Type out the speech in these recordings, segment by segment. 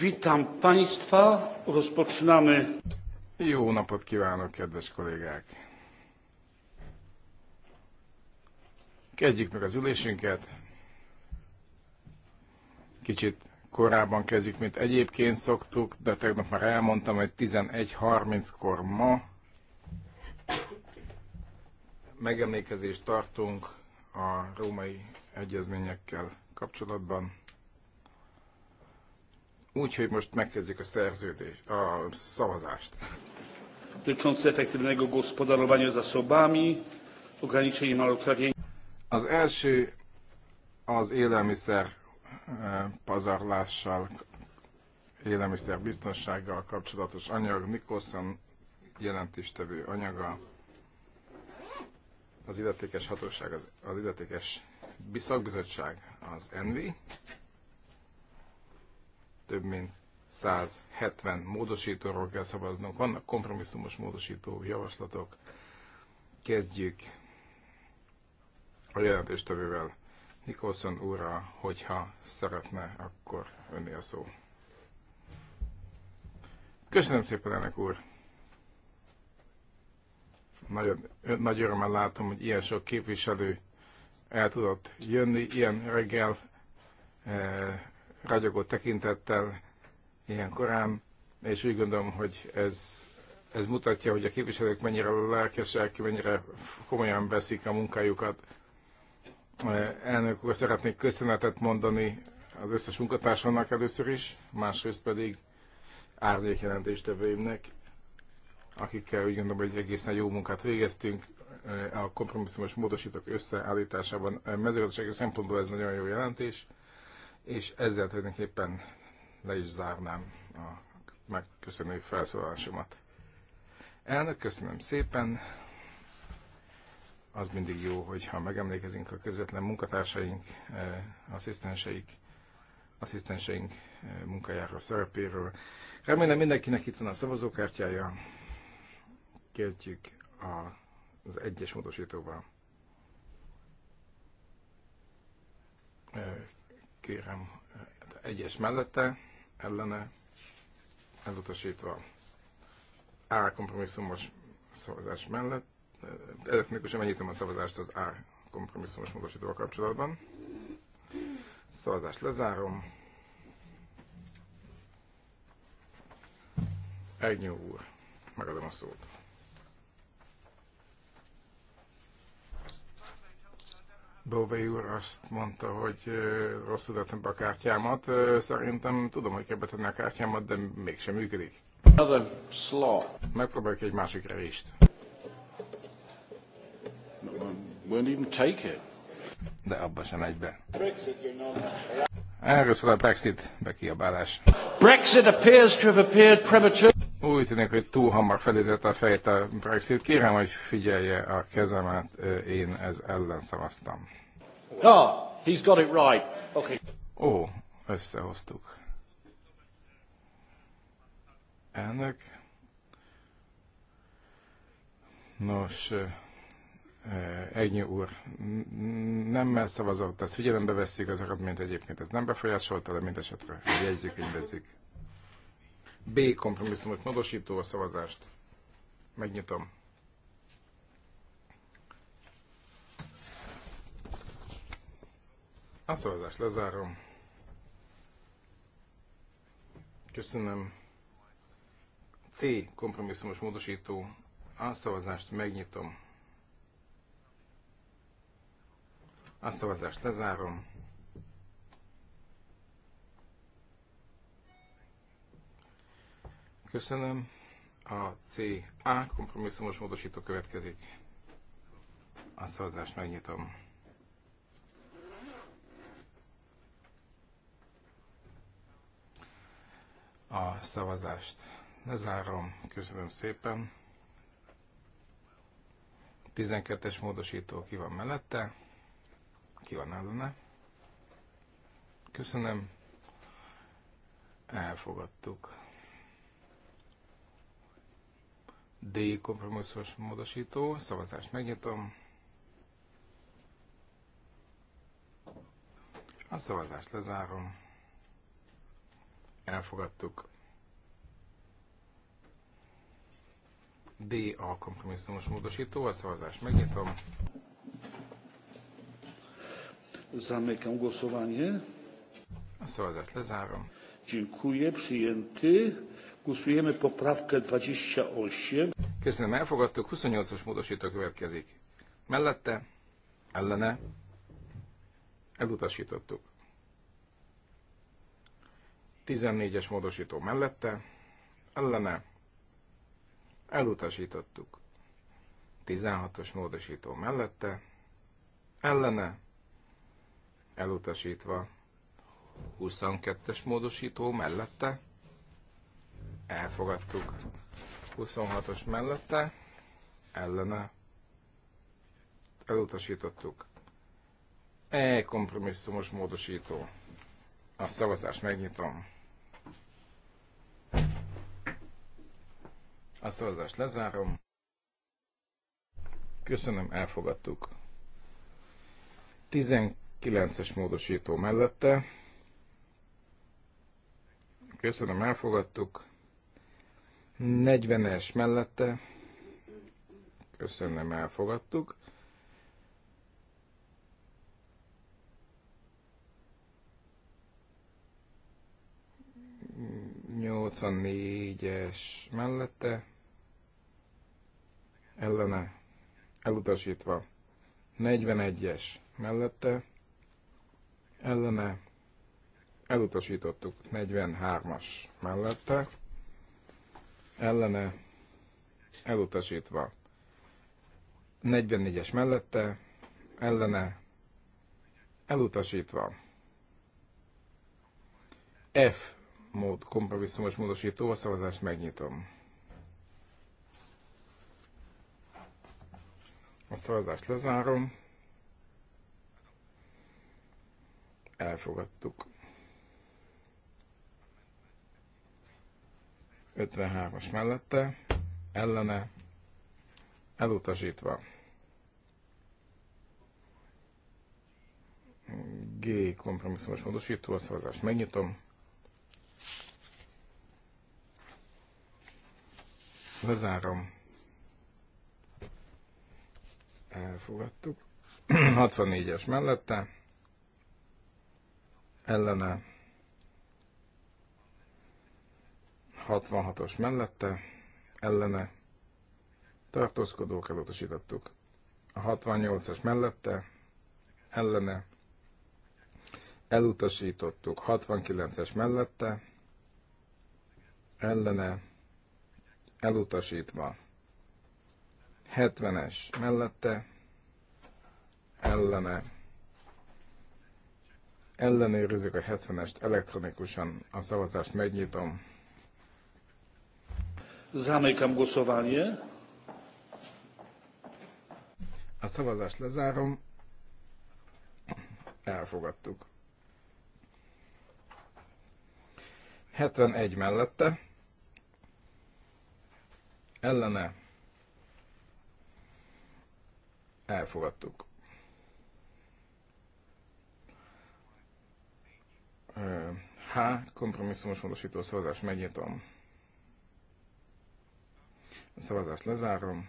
Witam Państwa. Rozpoczynamy. Jó napot kívánok, kedves kollégák! Kezdjük meg az ülésünket. Kicsit korábban kezdjük, mint egyébként szoktuk, de tegnap már elmondtam, hogy 11.30-kor ma megemlékezést tartunk a római egyezményekkel kapcsolatban. Úgyhogy most megkezdjük a szerződést, a szavazást. Dotyczące efektywnego gospodarowania zasobami, ograniczenie marokrawienia. Az első az élelmiszer e, pazarlással, élelmiszer biztonsággal kapcsolatos anyag, Nikolson jelentéstevő anyaga, az illetékes hatóság, az, az illetékes szakbizottság, az ENVI, több mint 170 módosítóról kell szavaznunk. Vannak kompromisszumos módosító javaslatok. Kezdjük a jelentéstevővel. Nikolson úrra, hogyha szeretne, akkor önni a szó. Köszönöm szépen, ennek úr! Nagyon, nagy örömmel látom, hogy ilyen sok képviselő el tudott jönni ilyen reggel. Eh, ragyogó tekintettel ilyen korán, és úgy gondolom, hogy ez, ez mutatja, hogy a képviselők mennyire lelkesek, mennyire komolyan veszik a munkájukat. Elnök úr, szeretnék köszönetet mondani az összes munkatársamnak először is, másrészt pedig árnyékjelentéstevőimnek, akikkel úgy gondolom, hogy egészen jó munkát végeztünk. A kompromisszumos módosítók összeállításában mezőgazdasági szempontból ez nagyon jó jelentés és ezzel tulajdonképpen le is zárnám a megköszönő felszólalásomat. Elnök, köszönöm szépen. Az mindig jó, hogyha megemlékezünk a közvetlen munkatársaink, eh, asszisztenseik, asszisztenseink eh, munkájáról, szerepéről. Remélem mindenkinek itt van a szavazókártyája. Kezdjük az egyes módosítóval. Eh, kérem, egyes mellette, ellene, elutasítva. A kompromisszumos szavazás mellett, elektronikusan megnyitom a szavazást az A kompromisszumos módosítóval kapcsolatban. Szavazást lezárom. egy úr, megadom a szót. Bové úr azt mondta, hogy rosszul tettem be a kártyámat. Szerintem tudom, hogy kell betenni a kártyámat, de mégsem működik. Another slot. Megpróbáljuk egy másik részt. Won't even take it. De abba sem megy be. Erről szól a Brexit bekiabálás. Brexit appears to have appeared premature úgy tűnik, hogy túl hamar felütött a fejét a Brexit. Kérem, hogy figyelje a kezemet, én ez ellen szavaztam. Ah, he's got it right. Okay. Ó, összehoztuk. Elnök. Nos, Egnyi úr, nem szavazott, ezt figyelembe veszik az eredményt, egyébként ez nem befolyásolta, de mindesetre jegyzőkönyvezzük. B kompromisszumot módosító a szavazást. Megnyitom. A szavazást lezárom. Köszönöm. C kompromisszumos módosító. A szavazást megnyitom. A szavazást lezárom. Köszönöm. A CA kompromisszumos módosító következik. A szavazást megnyitom. A szavazást lezárom. Köszönöm szépen. 12-es módosító ki van mellette, ki van ellene. Köszönöm. Elfogadtuk. D kompromisszos módosító, szavazást megnyitom. A szavazást lezárom. Elfogadtuk. D a kompromisszumos módosító, a szavazást megnyitom. Zamykam głosowanie. A szavazást lezárom. Dziękuję, przyjęty. Głosujemy poprawkę 28. Köszönöm, elfogadtuk. 28-os módosító következik. Mellette, ellene, elutasítottuk. 14-es módosító mellette, ellene, elutasítottuk. 16-os módosító mellette, ellene, elutasítva. 22-es módosító mellette, elfogadtuk. 26-os mellette, ellene, elutasítottuk. E kompromisszumos módosító. A szavazást megnyitom. A szavazást lezárom. Köszönöm, elfogadtuk. 19-es módosító mellette. Köszönöm, elfogadtuk. 40-es mellette. Köszönöm, elfogadtuk. Nyolcan négyes mellette. Ellene. Elutasítva. 41-es mellette. Ellene. Elutasítottuk. 43-as mellette ellene elutasítva. 44-es mellette ellene elutasítva. F mód kompromisszumos módosító, a szavazást megnyitom. A szavazást lezárom. Elfogadtuk. 53-as mellette, ellene, elutasítva. G kompromisszumos módosító, a szavazást megnyitom. Lezárom. Elfogadtuk. 64-es mellette. Ellene 66-os mellette, ellene, tartózkodók elutasítottuk. A 68-as mellette, ellene, elutasítottuk. 69-es mellette, ellene, elutasítva. 70-es mellette, ellene, ellenőrizzük a 70-est elektronikusan, a szavazást megnyitom. Zamykam głosowanie. A szavazást lezárom. Elfogadtuk. 71 mellette. Ellene. Elfogadtuk. H. Kompromisszumos módosító szavazás. Megnyitom. Szavazást lezárom.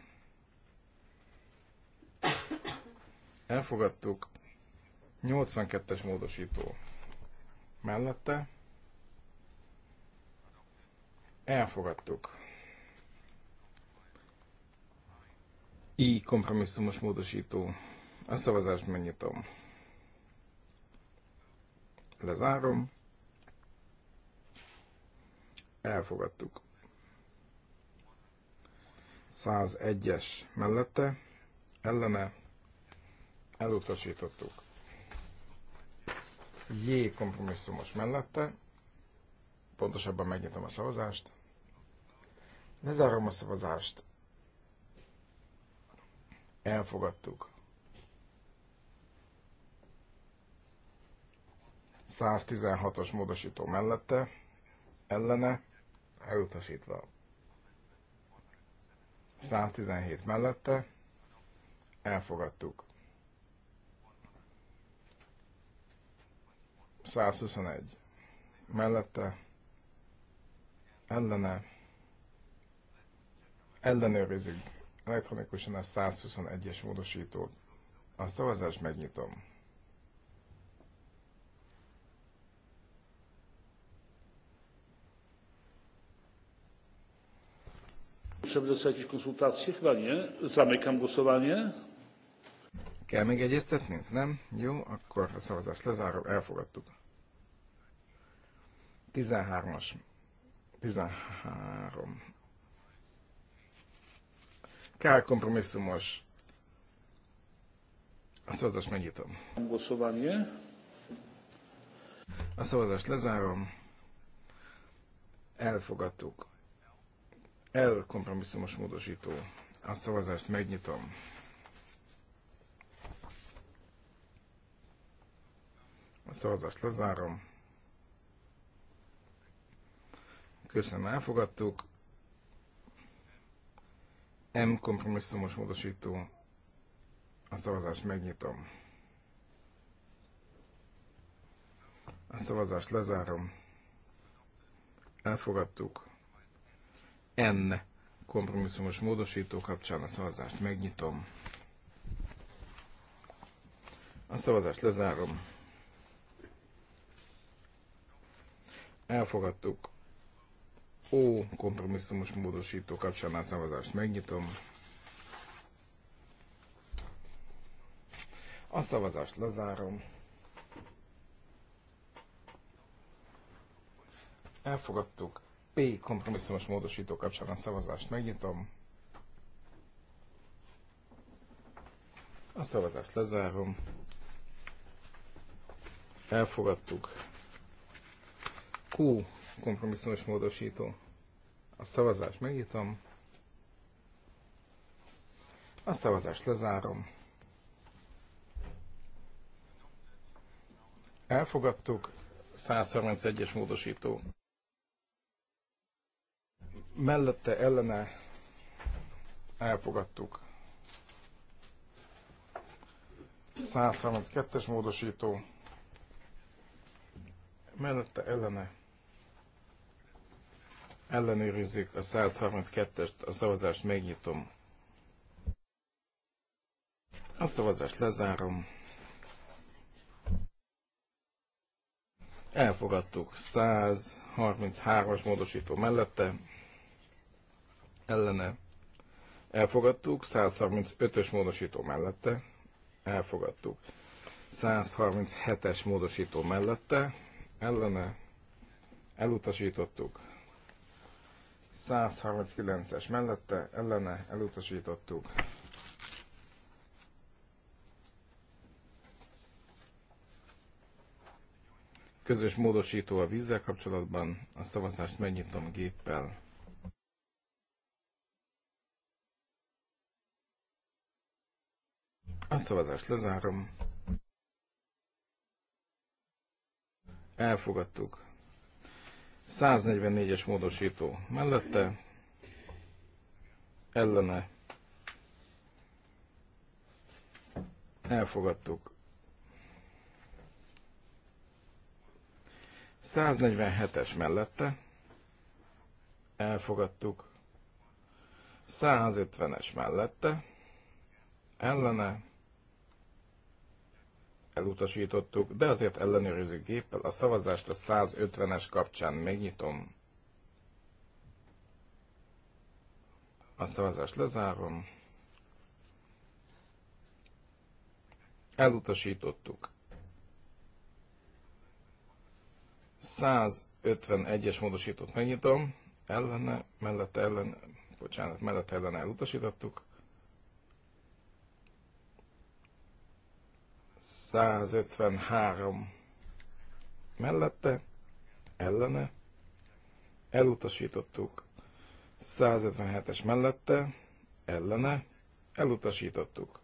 Elfogadtuk. 82-es módosító mellette. Elfogadtuk. I kompromisszumos módosító. A szavazást megnyitom. Lezárom. Elfogadtuk. 101-es mellette, ellene elutasítottuk. J kompromisszumos mellette, pontosabban megnyitom a szavazást, zárom a szavazást, elfogadtuk. 116-os módosító mellette, ellene, elutasítva. 117 mellette, elfogadtuk. 121 mellette, ellene, ellenőrizik elektronikusan a 121-es módosítót. A szavazást megnyitom. Potrzebne są jakieś konsultacje? Chyba nie. Zamykam głosowanie. Kell még egyeztetnünk, nem? Jó, akkor a szavazást lezárom, elfogadtuk. 13-as. 13. Kár kompromisszumos. A szavazást megnyitom. Głosowanie. A szavazást lezárom. Elfogadtuk. L kompromisszumos módosító. A szavazást megnyitom. A szavazást lezárom. Köszönöm, elfogadtuk. M kompromisszumos módosító. A szavazást megnyitom. A szavazást lezárom. Elfogadtuk. N kompromisszumos módosító kapcsán a szavazást megnyitom. A szavazást lezárom. Elfogadtuk. O kompromisszumos módosító kapcsán a szavazást megnyitom. A szavazást lezárom. Elfogadtuk. P kompromisszumos módosító kapcsolatban szavazást megnyitom. A szavazást lezárom. Elfogadtuk. Q kompromisszumos módosító. A szavazást megnyitom. A szavazást lezárom. Elfogadtuk. 131-es módosító mellette ellene elfogadtuk. 132-es módosító mellette ellene ellenőrizzük a 132-est, a szavazást megnyitom. A szavazást lezárom. Elfogadtuk 133-as módosító mellette, ellene elfogadtuk, 135-ös módosító mellette elfogadtuk. 137-es módosító mellette ellene elutasítottuk. 139-es mellette ellene elutasítottuk. Közös módosító a vízzel kapcsolatban, a szavazást megnyitom géppel. A szavazást lezárom. Elfogadtuk. 144-es módosító mellette, ellene elfogadtuk. 147-es mellette elfogadtuk. 150-es mellette ellene elutasítottuk, de azért ellenőrző géppel a szavazást a 150-es kapcsán megnyitom. A szavazást lezárom. Elutasítottuk. 151-es módosítót megnyitom, ellene, mellette ellen, bocsánat, mellette ellen elutasítottuk. 153 mellette, ellene, elutasítottuk 157-es mellette, ellene, elutasítottuk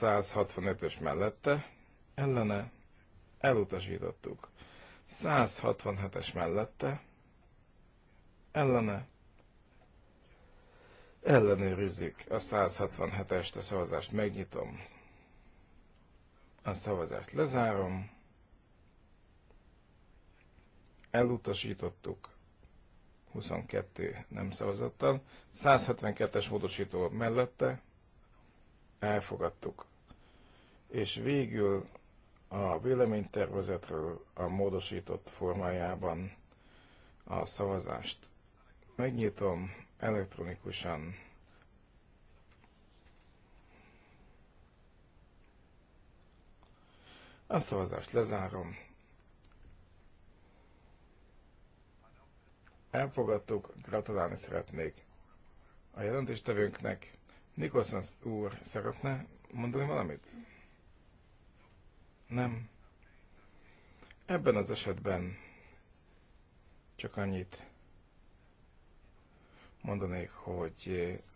165-ös mellette, ellene, elutasítottuk 167-es mellette, ellene, ellenőrizzük a 167-est, a szavazást megnyitom, a szavazást lezárom. Elutasítottuk 22 nem szavazattal. 172-es módosító mellette elfogadtuk. És végül a véleménytervezetről a módosított formájában a szavazást megnyitom elektronikusan. A szavazást lezárom. Elfogadtuk, gratulálni szeretnék a jelentéstevőnknek. Nikolson úr szeretne mondani valamit? Nem. Ebben az esetben csak annyit, mondanék, hogy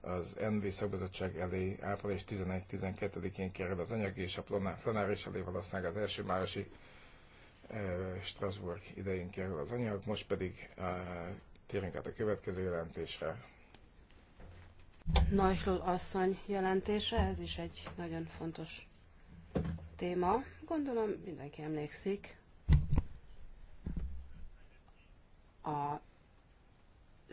eh, az NV szakbizottság elé április 11-12-én kerül az anyag, és a plenáris elé valószínűleg az első májusi eh, Strasbourg idején kerül az anyag, most pedig eh, térünk át a következő jelentésre. Nagyló asszony jelentése, ez is egy nagyon fontos téma. Gondolom mindenki emlékszik a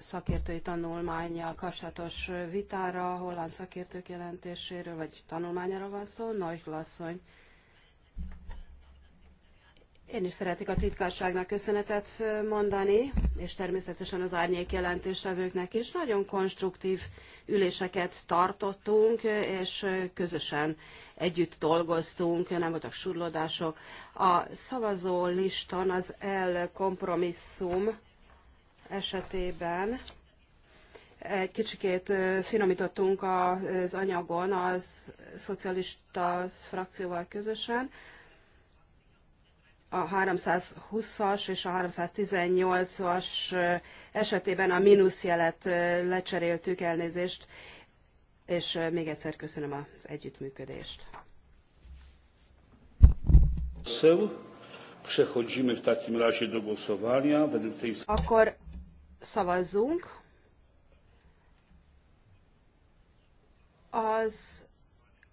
szakértői tanulmányjal kapcsolatos vitára, holland szakértők jelentéséről, vagy tanulmányára van szó, nagy asszony. Én is szeretnék a titkárságnak köszönetet mondani, és természetesen az árnyék jelentéstevőknek is. Nagyon konstruktív üléseket tartottunk, és közösen együtt dolgoztunk, nem voltak surlódások. A szavazó listan az el kompromisszum esetében egy kicsikét finomítottunk az anyagon az szocialista frakcióval közösen. A 320-as és a 318-as esetében a mínuszjelet lecseréltük elnézést, és még egyszer köszönöm az együttműködést. Akkor szavazzunk. Az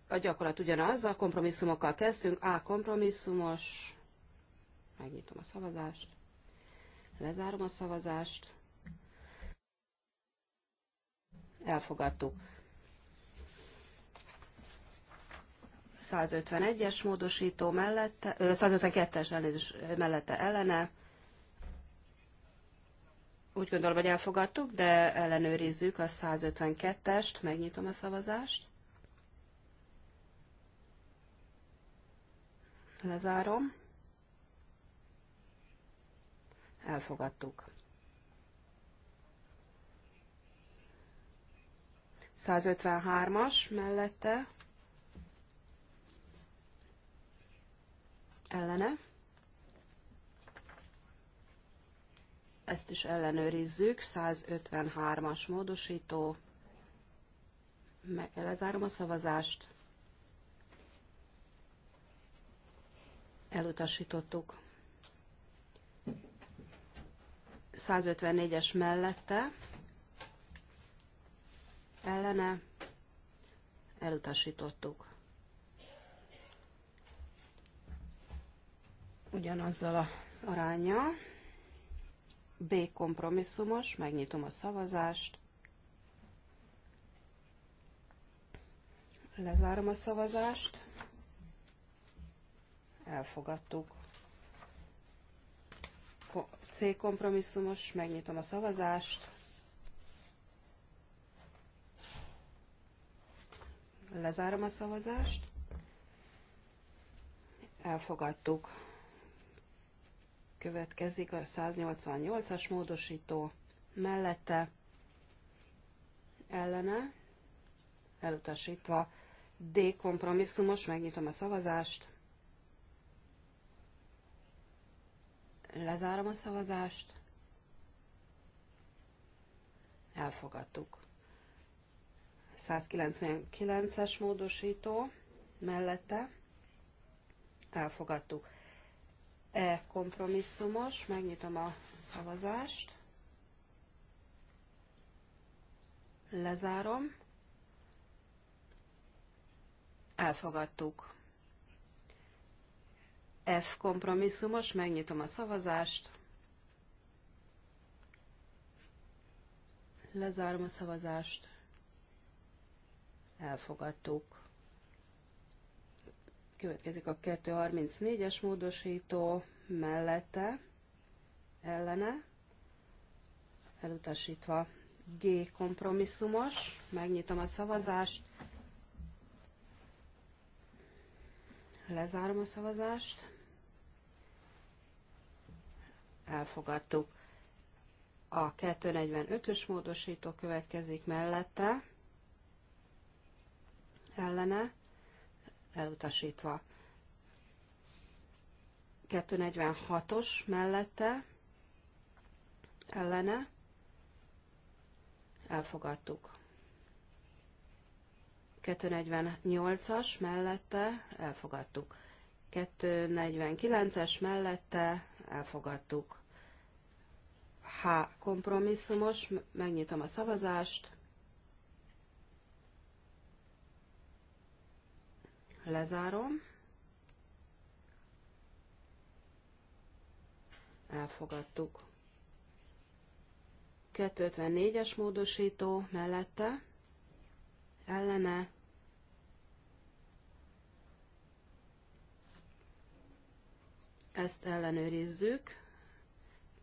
a gyakorlat ugyanaz, a kompromisszumokkal kezdtünk. A kompromisszumos, megnyitom a szavazást, lezárom a szavazást, elfogadtuk. 151-es módosító mellette, 152-es mellette ellene, úgy gondolom, hogy elfogadtuk, de ellenőrizzük a 152-est, megnyitom a szavazást. Lezárom. Elfogadtuk. 153-as mellette. Ellene. ezt is ellenőrizzük, 153-as módosító, meg lezárom a szavazást, elutasítottuk. 154-es mellette, ellene, elutasítottuk. Ugyanazzal az aránya. B kompromisszumos, megnyitom a szavazást. Lezárom a szavazást. Elfogadtuk. C kompromisszumos, megnyitom a szavazást. Lezárom a szavazást. Elfogadtuk. Következik a 188-as módosító mellette ellene, elutasítva D kompromisszumos, megnyitom a szavazást, lezárom a szavazást, elfogadtuk. 199-es módosító mellette elfogadtuk. E kompromisszumos, megnyitom a szavazást, lezárom, elfogadtuk. F kompromisszumos, megnyitom a szavazást, lezárom a szavazást, elfogadtuk. Következik a 234-es módosító mellette, ellene, elutasítva G kompromisszumos, megnyitom a szavazást, lezárom a szavazást, elfogadtuk. A 245-ös módosító következik mellette, ellene, elutasítva. 246-os mellette, ellene, elfogadtuk. 248-as mellette, elfogadtuk. 249-es mellette, elfogadtuk. H kompromisszumos, megnyitom a szavazást, Lezárom. Elfogadtuk. 254-es módosító mellette, ellene, ezt ellenőrizzük,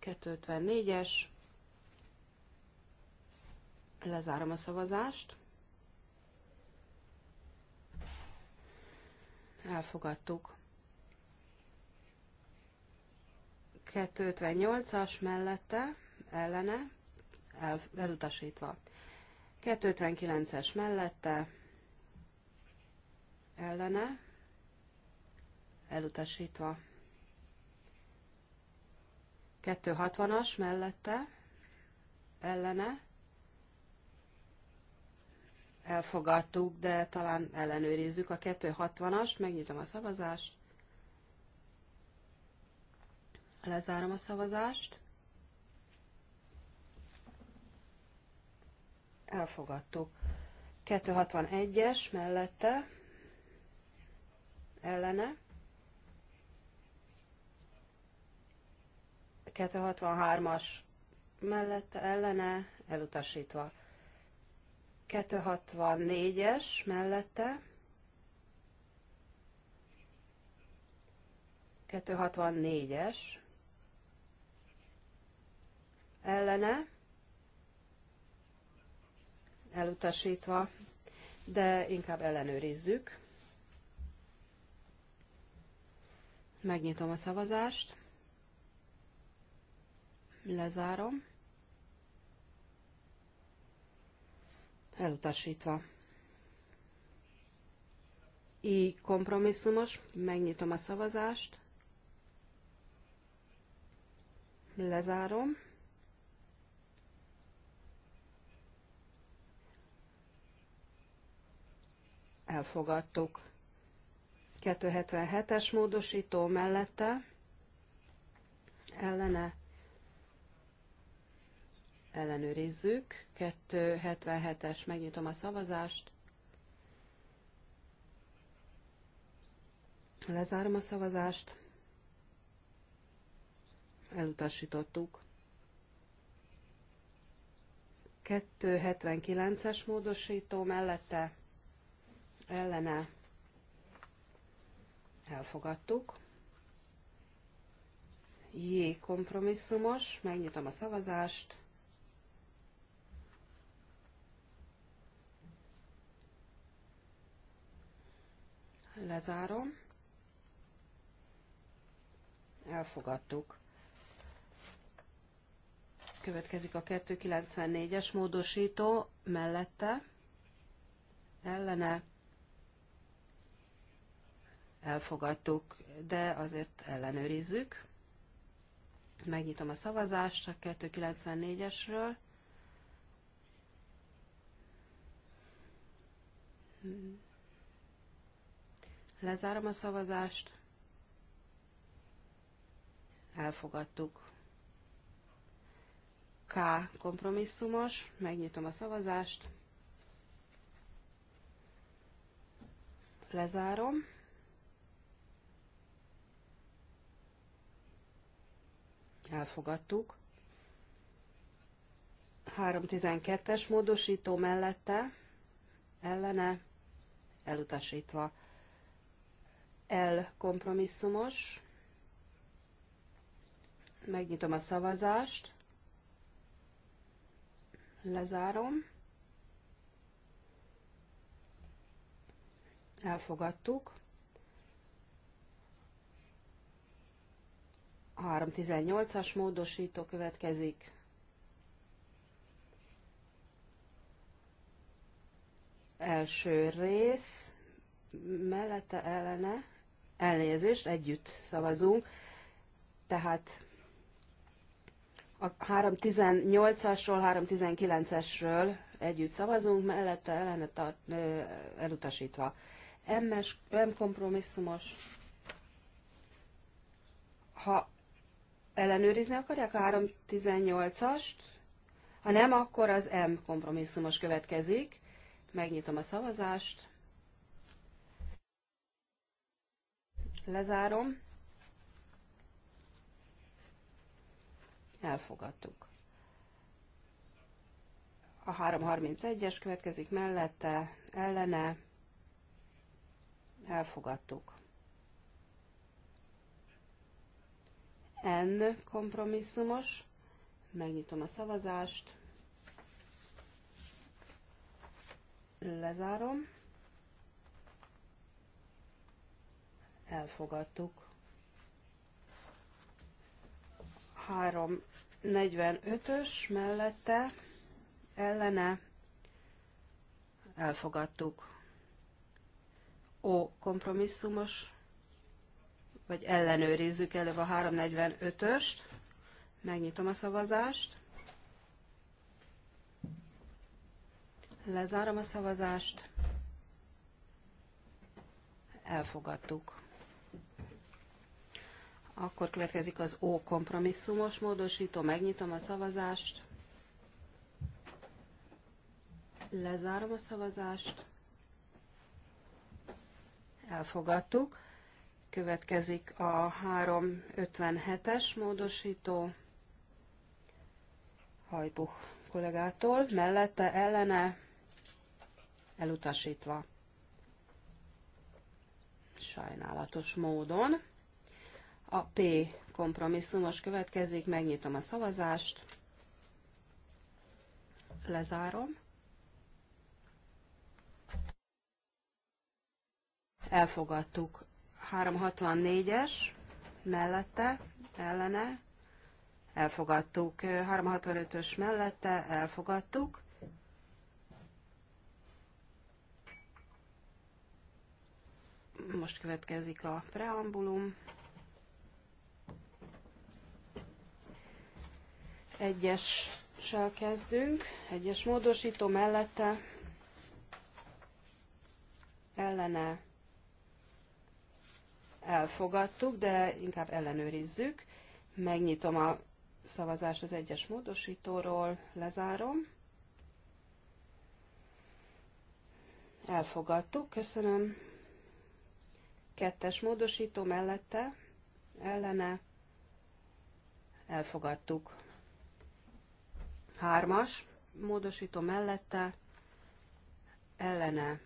254-es, lezárom a szavazást, elfogadtuk. 258-as mellette, ellene, el, elutasítva. 259-es mellette, ellene, elutasítva. 260-as mellette, ellene, elfogadtuk, de talán ellenőrizzük a 260-ast, megnyitom a szavazást, lezárom a szavazást, elfogadtuk. 261-es mellette, ellene, 263-as mellette, ellene, elutasítva. 264-es mellette, 264-es ellene, elutasítva, de inkább ellenőrizzük. Megnyitom a szavazást, lezárom. elutasítva. I kompromisszumos, megnyitom a szavazást, lezárom, elfogadtuk. 277-es módosító mellette ellene ellenőrizzük. 277-es, megnyitom a szavazást. Lezárom a szavazást. Elutasítottuk. 279-es módosító mellette ellene elfogadtuk. J kompromisszumos, megnyitom a szavazást. Lezárom. Elfogadtuk. Következik a 294-es módosító mellette, ellene. Elfogadtuk, de azért ellenőrizzük. Megnyitom a szavazást a 294-esről. Lezárom a szavazást. Elfogadtuk. K kompromisszumos. Megnyitom a szavazást. Lezárom. Elfogadtuk. 312-es módosító mellette, ellene, elutasítva. L kompromisszumos. Megnyitom a szavazást. Lezárom. Elfogadtuk. 318-as módosító következik. Első rész mellette ellene elnézést, együtt szavazunk. Tehát a 3.18-asról, 3.19-esről együtt szavazunk, mellette lenne tart, elutasítva. M-es, M kompromisszumos. Ha ellenőrizni akarják a 3.18-ast, ha nem, akkor az M kompromisszumos következik. Megnyitom a szavazást. Lezárom. Elfogadtuk. A 331-es következik mellette, ellene. Elfogadtuk. N kompromisszumos. Megnyitom a szavazást. Lezárom. elfogadtuk. 345-ös mellette ellene elfogadtuk. O kompromisszumos, vagy ellenőrizzük előbb a 345-öst. Megnyitom a szavazást. Lezárom a szavazást. Elfogadtuk. Akkor következik az O kompromisszumos módosító. Megnyitom a szavazást. Lezárom a szavazást. Elfogadtuk. Következik a 357-es módosító. Hajbuch kollégától, mellette ellene elutasítva. Sajnálatos módon. A P kompromisszumos következik, megnyitom a szavazást, lezárom. Elfogadtuk 364-es mellette, ellene, elfogadtuk 365-ös mellette, elfogadtuk. Most következik a preambulum. Egyessel kezdünk, egyes módosító mellette, ellene elfogadtuk, de inkább ellenőrizzük. Megnyitom a szavazást az egyes módosítóról, lezárom. Elfogadtuk, köszönöm. Kettes módosító mellette, ellene, elfogadtuk. Hármas módosító mellette ellene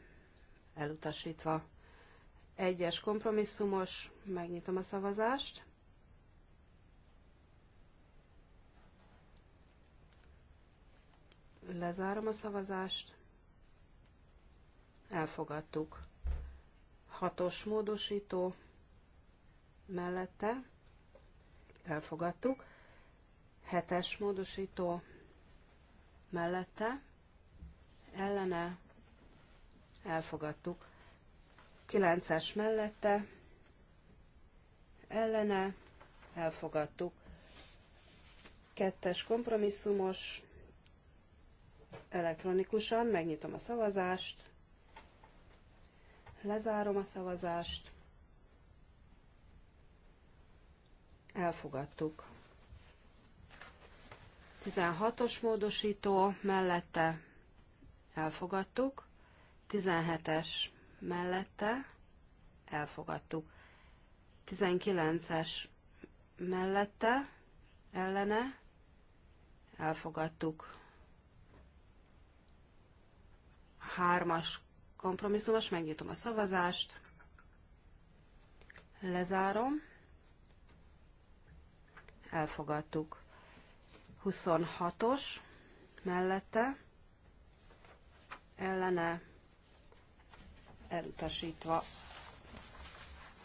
elutasítva. Egyes kompromisszumos, megnyitom a szavazást. Lezárom a szavazást. Elfogadtuk. Hatos módosító mellette. Elfogadtuk. Hetes módosító mellette, ellene, elfogadtuk. 9-es mellette, ellene, elfogadtuk. Kettes kompromisszumos, elektronikusan megnyitom a szavazást, lezárom a szavazást, elfogadtuk. 16-os módosító mellette elfogadtuk, 17-es mellette elfogadtuk, 19-es mellette ellene elfogadtuk. Hármas kompromisszumos, megnyitom a szavazást, lezárom, elfogadtuk. 26-os mellette ellene elutasítva.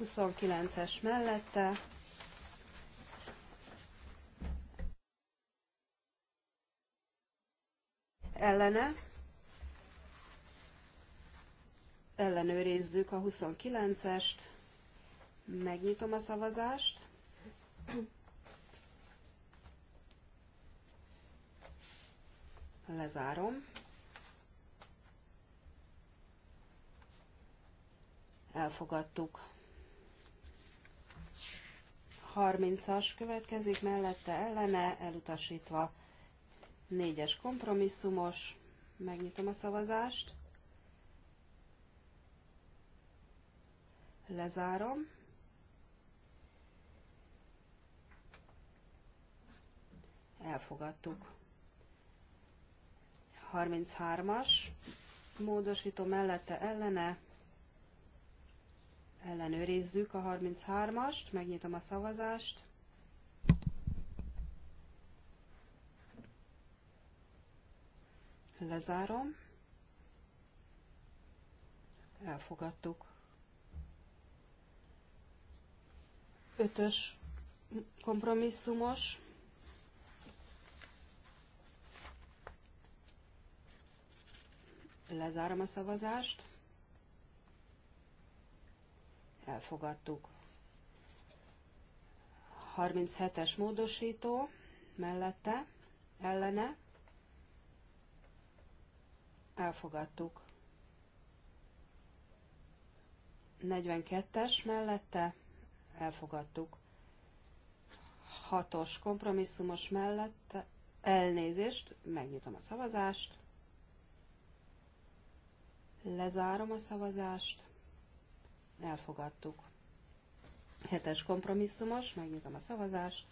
29-es mellette ellene ellenőrizzük a 29-est, megnyitom a szavazást. Lezárom. Elfogadtuk. 30-as következik, mellette ellene, elutasítva 4-es kompromisszumos. Megnyitom a szavazást. Lezárom. Elfogadtuk. 33-as módosító mellette ellene ellenőrizzük a 33-ast, megnyitom a szavazást. Lezárom. Elfogadtuk. Ötös kompromisszumos Lezárom a szavazást. Elfogadtuk. 37-es módosító mellette, ellene. Elfogadtuk. 42-es mellette, elfogadtuk. 6-os kompromisszumos mellette, elnézést, megnyitom a szavazást. Lezárom a szavazást. Elfogadtuk. Hetes kompromisszumos, megnyitom a szavazást.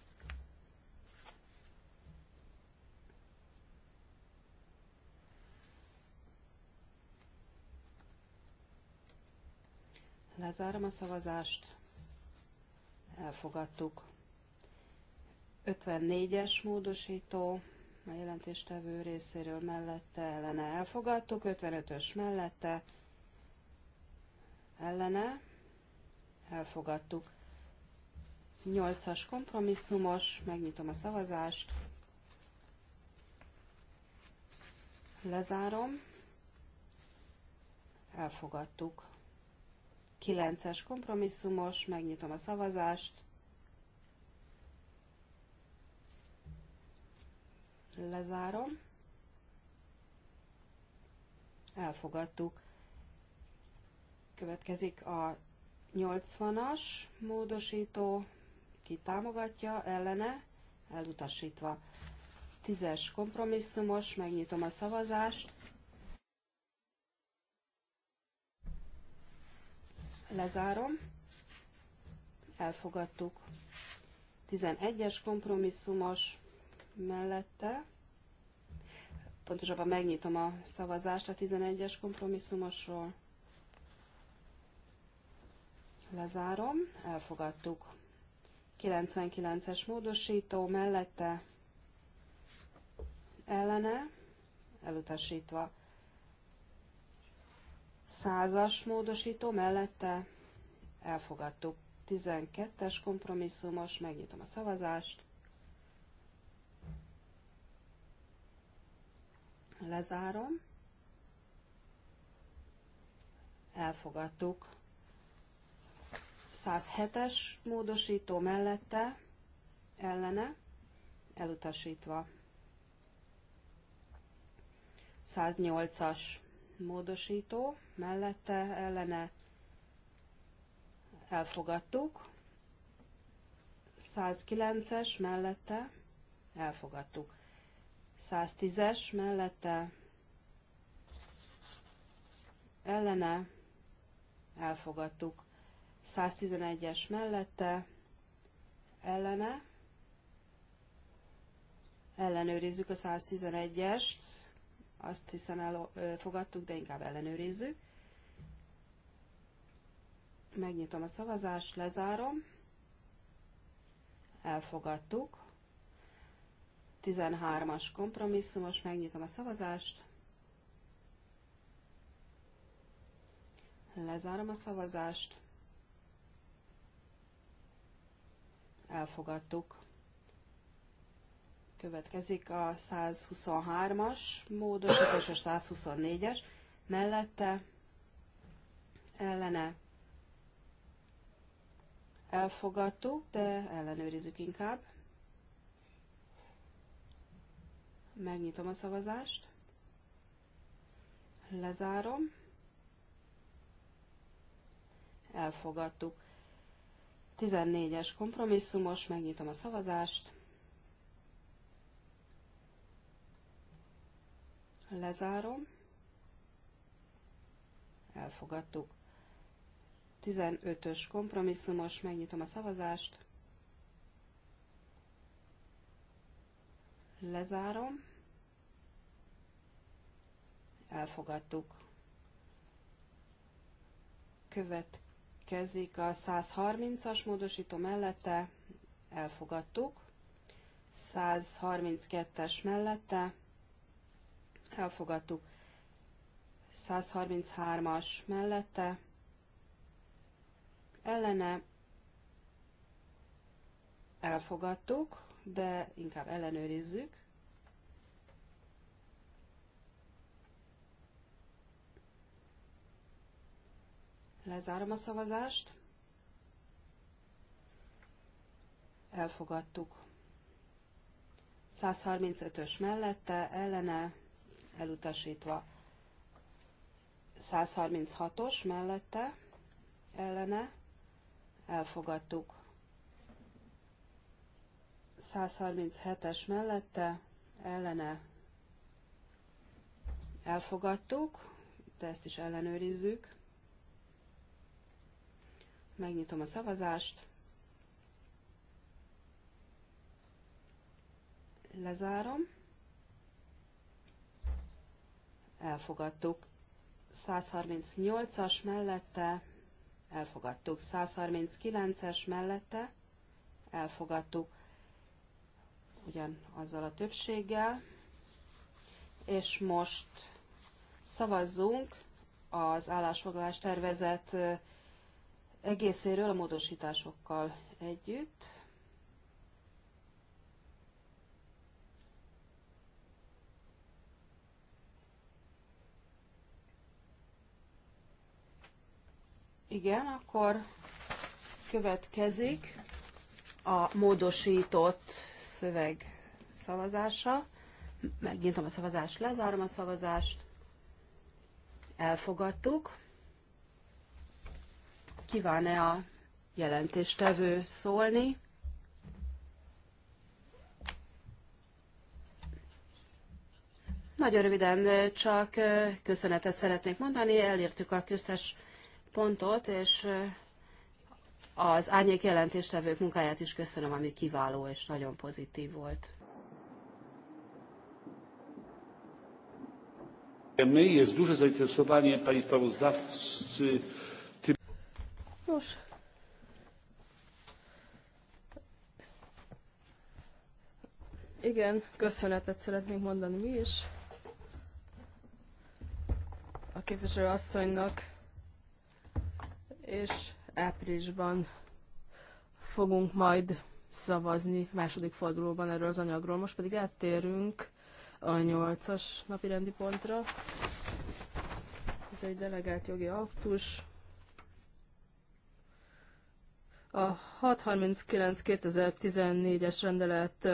Lezárom a szavazást. Elfogadtuk. 54-es módosító, a jelentéstevő részéről mellette, ellene elfogadtuk, 55-ös mellette, ellene elfogadtuk. 8-as kompromisszumos, megnyitom a szavazást, lezárom, elfogadtuk. 9-es kompromisszumos, megnyitom a szavazást, lezárom. Elfogadtuk. Következik a 80-as módosító, ki támogatja, ellene, elutasítva. 10-es kompromisszumos, megnyitom a szavazást. Lezárom. Elfogadtuk. 11-es kompromisszumos, mellette. Pontosabban megnyitom a szavazást a 11-es kompromisszumosról. Lezárom, elfogadtuk. 99-es módosító mellette ellene, elutasítva. 100-as módosító mellette elfogadtuk. 12-es kompromisszumos, megnyitom a szavazást. Lezárom. Elfogadtuk. 107-es módosító mellette, ellene, elutasítva. 108-as módosító mellette, ellene, elfogadtuk. 109-es mellette elfogadtuk. 110-es mellette ellene elfogadtuk. 111-es mellette ellene ellenőrizzük a 111-est, azt hiszem elfogadtuk, de inkább ellenőrizzük. Megnyitom a szavazást, lezárom. Elfogadtuk. 13-as kompromisszumos, megnyitom a szavazást. Lezárom a szavazást. Elfogadtuk. Következik a 123-as módosítás, a 124-es. Mellette, ellene elfogadtuk, de ellenőrizzük inkább. Megnyitom a szavazást. Lezárom. Elfogadtuk. 14-es kompromisszumos, megnyitom a szavazást. Lezárom. Elfogadtuk. 15-ös kompromisszumos, megnyitom a szavazást. Lezárom elfogadtuk. Következik a 130-as módosító mellette, elfogadtuk. 132-es mellette, elfogadtuk. 133-as mellette, ellene elfogadtuk, de inkább ellenőrizzük. Lezárom a szavazást. Elfogadtuk. 135-ös mellette, ellene, elutasítva. 136-os mellette, ellene, elfogadtuk. 137-es mellette, ellene, elfogadtuk, de ezt is ellenőrizzük megnyitom a szavazást, lezárom, elfogadtuk. 138-as mellette, elfogadtuk. 139-es mellette, elfogadtuk. Ugyan azzal a többséggel. És most szavazzunk az állásfoglalás tervezet egészéről a módosításokkal együtt. Igen, akkor következik a módosított szöveg szavazása. Megnyitom a szavazást, lezárom a szavazást. Elfogadtuk. Kíván-e a jelentéstevő szólni? Nagyon röviden csak köszönetet szeretnék mondani, elértük a köztes pontot, és az árnyék jelentéstevők munkáját is köszönöm, ami kiváló és nagyon pozitív volt. Jest duże zainteresowanie pani sprawozdawcy Nos, igen, köszönetet szeretnénk mondani mi is. A képviselő asszonynak, és áprilisban fogunk majd szavazni második fordulóban erről az anyagról. Most pedig áttérünk a nyolcas napi rendi pontra. Ez egy delegált jogi aktus. A 639-2014-es rendelet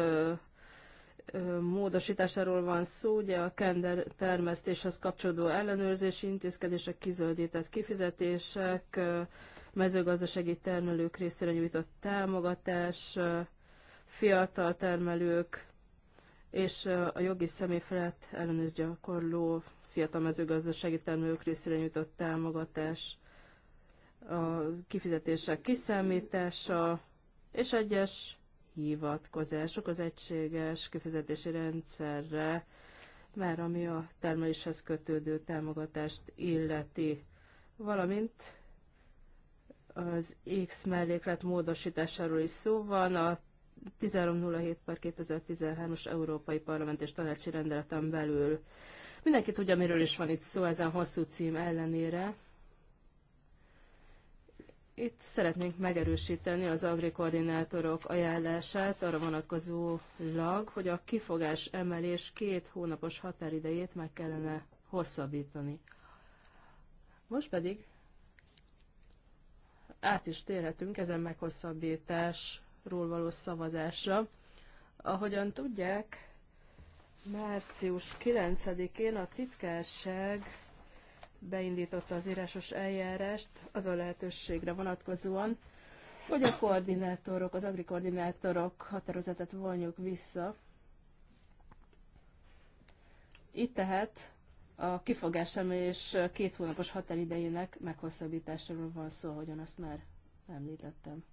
módosításáról van szó, ugye a kender termesztéshez kapcsolódó ellenőrzési intézkedések, kizöldített kifizetések, mezőgazdasági termelők részére nyújtott támogatás, fiatal termelők és a jogi személy felett ellenőrzgyakorló fiatal mezőgazdasági termelők részére nyújtott támogatás a kifizetések kiszámítása és egyes hivatkozások az egységes kifizetési rendszerre, már ami a termeléshez kötődő támogatást illeti, valamint az X melléklet módosításáról is szó van, a 1307 per 2013-os Európai Parlament és Tanácsi Rendeleten belül. Mindenki tudja, miről is van itt szó ezen hosszú cím ellenére. Itt szeretnénk megerősíteni az agrikoordinátorok ajánlását arra vonatkozólag, hogy a kifogás emelés két hónapos határidejét meg kellene hosszabbítani. Most pedig át is térhetünk ezen meghosszabbításról való szavazásra. Ahogyan tudják, március 9-én a titkárság beindította az írásos eljárást a lehetőségre vonatkozóan, hogy a koordinátorok, az agrikoordinátorok határozatát vonjuk vissza. Itt tehát a kifogásem és két hónapos határidejének meghosszabbításáról van szó, ahogyan azt már említettem.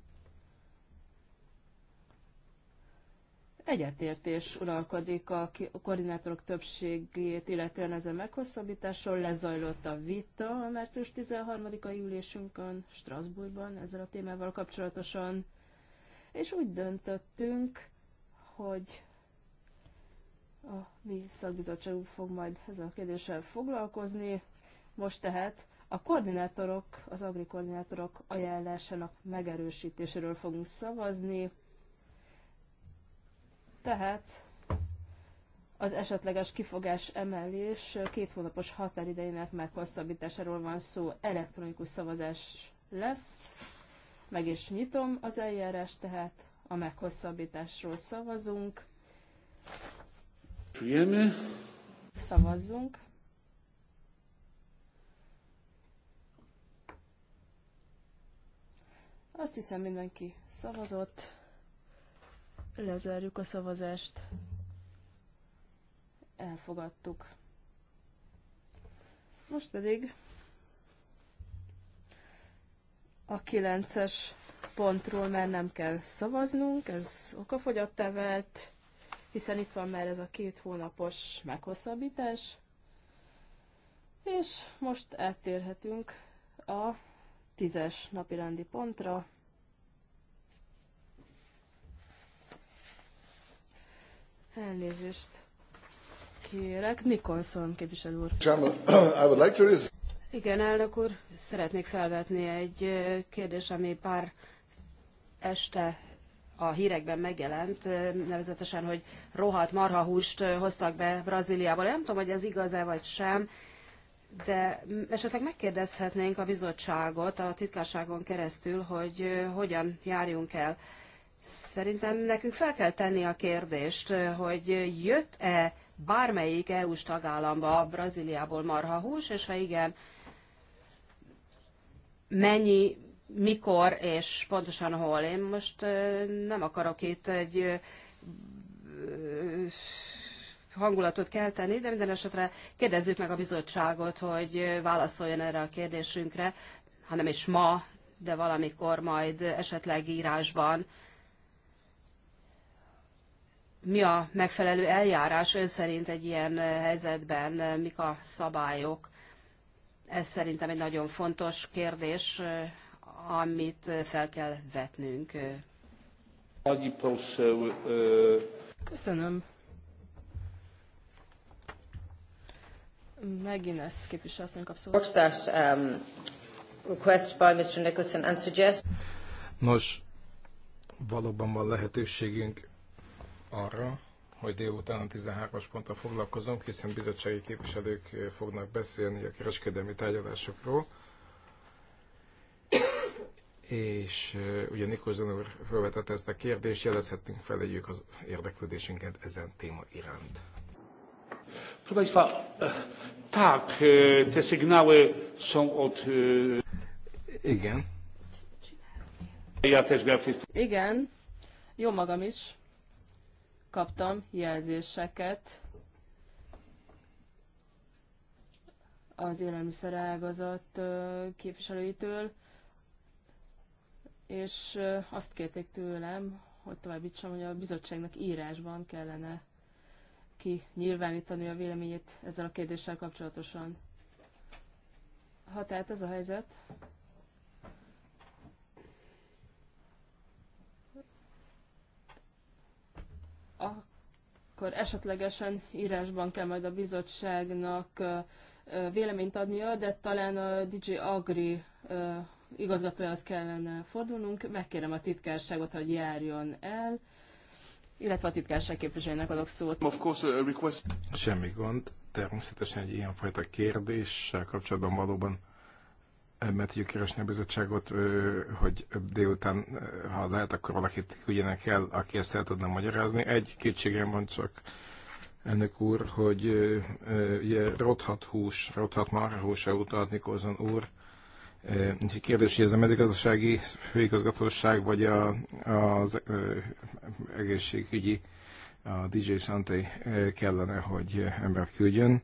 Egyetértés uralkodik a koordinátorok többségét, illetően ezen meghosszabbításról lezajlott a vita a március 13-ai ülésünkön Strasbourgban ezzel a témával kapcsolatosan, és úgy döntöttünk, hogy a mi szakbizottságunk fog majd ezzel a kérdéssel foglalkozni. Most tehát a koordinátorok, az agrikoordinátorok ajánlásának megerősítéséről fogunk szavazni. Tehát az esetleges kifogás emelés két hónapos határidejének meghosszabbításáról van szó, elektronikus szavazás lesz, meg is nyitom az eljárást, tehát a meghosszabbításról szavazunk. Csujeme. Szavazzunk. Azt hiszem mindenki szavazott. Lezárjuk a szavazást. Elfogadtuk. Most pedig a 9-es pontról már nem kell szavaznunk, ez okafogyattá vált, hiszen itt van már ez a két hónapos meghosszabbítás. És most áttérhetünk a 10-es napirendi pontra, Elnézést kérek. Nikolson képviselő úr. Igen, elnök úr, szeretnék felvetni egy kérdés, ami pár este a hírekben megjelent, nevezetesen, hogy rohadt marhahúst hoztak be Brazíliából. Nem tudom, hogy ez igaz-e vagy sem, de esetleg megkérdezhetnénk a bizottságot a titkárságon keresztül, hogy hogyan járjunk el Szerintem nekünk fel kell tenni a kérdést, hogy jött-e bármelyik EU-s tagállamba Brazíliából marhahús, és ha igen, mennyi, mikor és pontosan hol. Én most nem akarok itt egy hangulatot kelteni, de minden esetre kérdezzük meg a bizottságot, hogy válaszoljon erre a kérdésünkre, hanem is ma, de valamikor majd esetleg írásban mi a megfelelő eljárás ön szerint egy ilyen eh, helyzetben, eh, mik a szabályok. Ez szerintem egy nagyon fontos kérdés, eh, amit fel kell vetnünk. Köszönöm. Megint ezt képviselő a kap um, request by Mr. Nicholson and suggest... Nos, valóban van lehetőségünk arra, hogy délután a 13-as ponttal foglalkozunk, hiszen bizottsági képviselők eh, fognak beszélni a kereskedelmi tárgyalásokról. És eh, ugye Nikolson úr felvetette ezt a kérdést, jelezhetünk feléjük az érdeklődésünket ezen téma iránt. Proszę Państwa, eh, tak, te sygnały są od... Igen. Ja też miałem... Igen, jó magam is kaptam jelzéseket az élelmiszer ágazat képviselőitől, és azt kérték tőlem, hogy továbbítsam, hogy a bizottságnak írásban kellene ki nyilvánítani a véleményét ezzel a kérdéssel kapcsolatosan. Ha tehát ez a helyzet, akkor esetlegesen írásban kell majd a bizottságnak véleményt adnia, de talán a DJ Agri igazgatója kellene fordulnunk. Megkérem a titkárságot, hogy járjon el, illetve a titkárság képviselőnek adok szót. Of course, a request... Semmi gond. Természetesen egy ilyenfajta kérdéssel kapcsolatban valóban meg tudjuk keresni a bizottságot, hogy délután, ha lehet, akkor valakit küldjenek el, aki ezt el tudna magyarázni. Egy kétségem van csak, ennek úr, hogy ugye rothat hús, rothat marhahúsa utalt Nikolson úr. Egy kérdés, hogy ez a mezőgazdasági főigazgatóság, vagy a, az egészségügyi, a DJ Santé kellene, hogy embert küldjön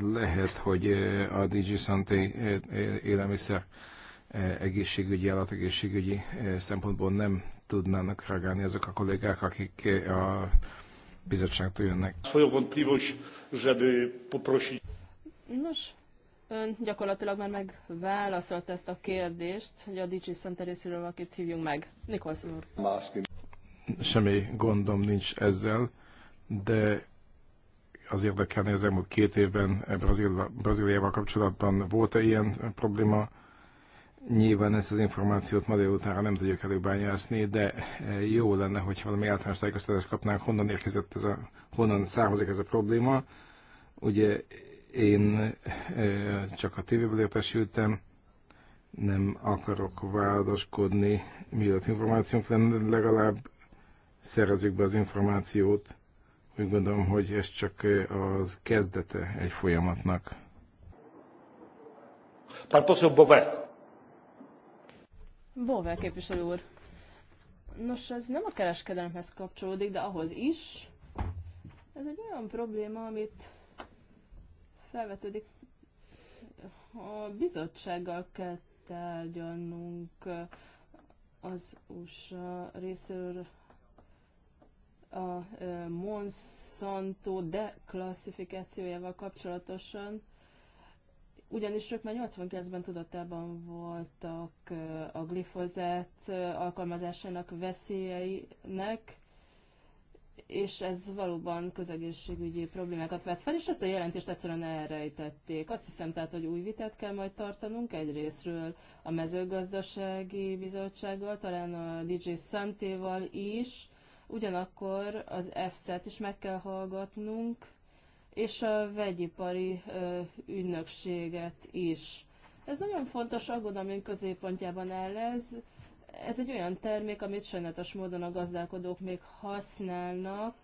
lehet, hogy a DG Santé élelmiszer egészségügyi, állategészségügyi szempontból nem tudnának reagálni azok a kollégák, akik a bizottságtól jönnek. Nos, ön gyakorlatilag már megválaszolta ezt a kérdést, hogy a DG Santé részéről akit hívjunk meg. Nikolson úr. Semmi gondom nincs ezzel, de az érdekelni az elmúlt két évben Brazília, Brazíliával kapcsolatban volt-e ilyen probléma. Nyilván ezt az információt ma délutánra nem tudjuk előbányászni, de e, jó lenne, hogyha valami általános tájékoztatást kapnánk, honnan érkezett ez a, honnan származik ez a probléma. Ugye én e, csak a tévéből értesültem, nem akarok vádaskodni, mielőtt információnk lenne, legalább szerezzük be az információt úgy gondolom, hogy ez csak az kezdete egy folyamatnak. Pán Bové. Bové képviselő úr. Nos, ez nem a kereskedelemhez kapcsolódik, de ahhoz is. Ez egy olyan probléma, amit felvetődik. A bizottsággal kell tárgyalnunk az USA részéről a Monsanto deklasszifikációjával kapcsolatosan, ugyanis ők már 89-ben tudatában voltak a glifozát alkalmazásának veszélyeinek, és ez valóban közegészségügyi problémákat vet fel, és ezt a jelentést egyszerűen elrejtették. Azt hiszem tehát, hogy új vitát kell majd tartanunk egyrésztről a mezőgazdasági bizottsággal, talán a DJ Santéval is, ugyanakkor az EFSZ-et is meg kell hallgatnunk, és a vegyipari ügynökséget is. Ez nagyon fontos amin középpontjában áll ez. Ez egy olyan termék, amit sajnálatos módon a gazdálkodók még használnak,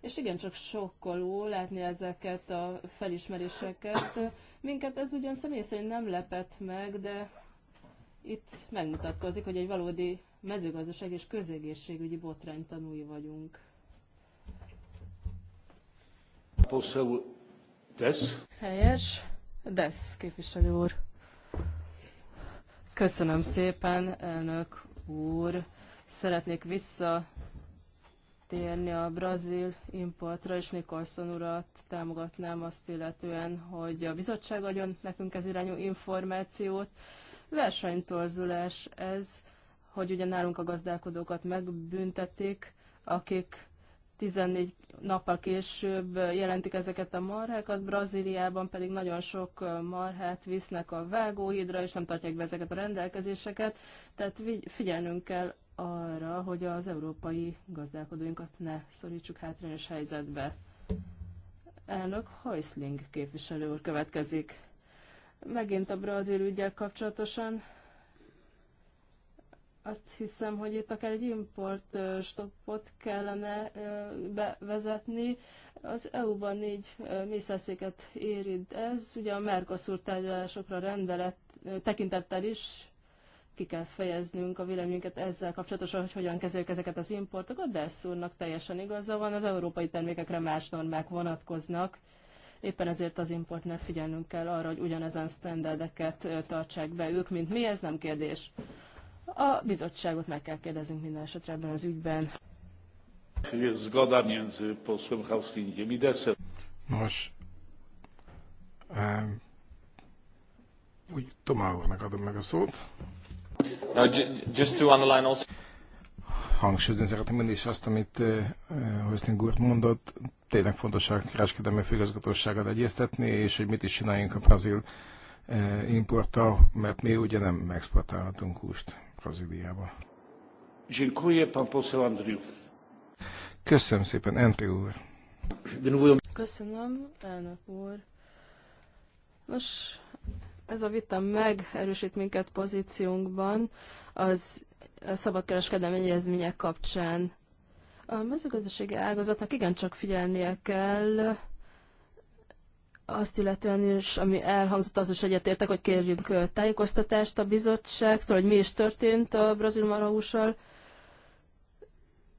és igencsak sokkoló látni ezeket a felismeréseket. Minket ez ugyan személy szerint nem lepett meg, de itt megmutatkozik, hogy egy valódi mezőgazdaság és közegészségügyi botrány tanúi vagyunk. Poszeu Desz. Helyes. Desz, képviselő úr. Köszönöm szépen, elnök úr. Szeretnék vissza térni a brazil importra, és Nikolson urat támogatnám azt illetően, hogy a bizottság adjon nekünk ez irányú információt. Versenytorzulás ez, hogy ugye nálunk a gazdálkodókat megbüntették, akik 14 nappal később jelentik ezeket a marhákat, Brazíliában pedig nagyon sok marhát visznek a vágóhídra, és nem tartják be ezeket a rendelkezéseket, tehát figyelnünk kell arra, hogy az európai gazdálkodóinkat ne szorítsuk hátrányos helyzetbe. Elnök Heusling képviselő úr következik. Megint a brazil ügyek kapcsolatosan azt hiszem, hogy itt akár egy import stopot kellene bevezetni. Az EU-ban négy mészeszéket érint ez. Ugye a Mercosur tárgyalásokra rendelet tekintettel is ki kell fejeznünk a véleményünket ezzel kapcsolatosan, hogy hogyan kezeljük ezeket az importokat, de ez úrnak teljesen igaza van, az európai termékekre más normák vonatkoznak. Éppen ezért az importnál figyelnünk kell arra, hogy ugyanezen sztenderdeket tartsák be ők, mint mi, ez nem kérdés. A bizottságot meg kell kérdeznünk minden esetre ebben az ügyben. Nos, úgy Tomá úrnak adom meg a szót. No, just to underline also... Hangsúlyozni szeretném én is azt, amit uh, eh, eh, Hosting úr mondott, tényleg fontos a kereskedelmi főigazgatóságot egyeztetni, és hogy mit is csináljunk a brazil uh, importtal, mert mi ugye nem exportálhatunk húst. Brazíliába. Köszönöm szépen, Andrew úr. Köszönöm, elnök úr. Nos, ez a vita megerősít minket pozíciónkban az a szabadkereskedelmi egyezmények kapcsán. A mezőgazdasági ágazatnak igencsak figyelnie kell azt illetően is, ami elhangzott, az is egyetértek, hogy kérjünk tájékoztatást a bizottságtól, hogy mi is történt a brazil marhahússal.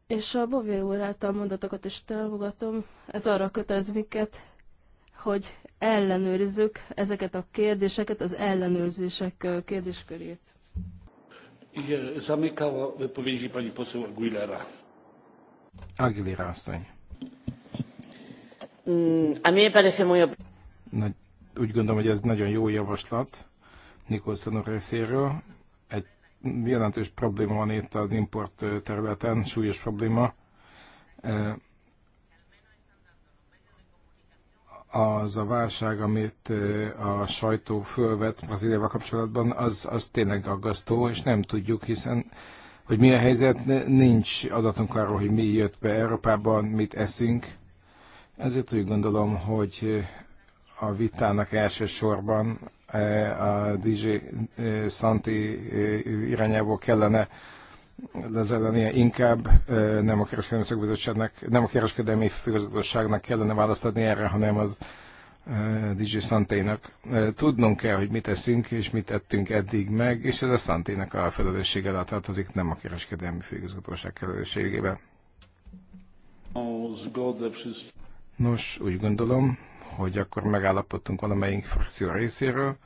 És a Bové úr által mondatokat is támogatom. Ez arra kötelez minket, hogy ellenőrizzük ezeket a kérdéseket, az ellenőrzések kérdéskörét. Igen, zamykała wypowiedzi pani poseł Aguilera. Aguilera asszony. Mm, a mi me parece muy nagy, úgy gondolom, hogy ez nagyon jó javaslat Nikolson részéről. Egy jelentős probléma van itt az import területen, súlyos probléma. Az a válság, amit a sajtó fölvet Brazíliával kapcsolatban, az, az tényleg aggasztó, és nem tudjuk, hiszen hogy mi a helyzet, nincs adatunk arról, hogy mi jött be Európában, mit eszünk. Ezért úgy gondolom, hogy a vitának elsősorban eh, a DJ eh, Santi eh, irányából kellene de inkább nem a kereskedelmi szakbizottságnak, nem a kereskedelmi főgazgatóságnak kellene választani erre, hanem az DJ Santénak. Tudnunk kell, hogy mit teszünk és mit ettünk eddig meg, és ez a Santénak a felelőssége alá tartozik, nem a kereskedelmi főigazgatóság felelősségébe. Nos, úgy gondolom, hogy akkor megállapodtunk valamelyik frakció részéről.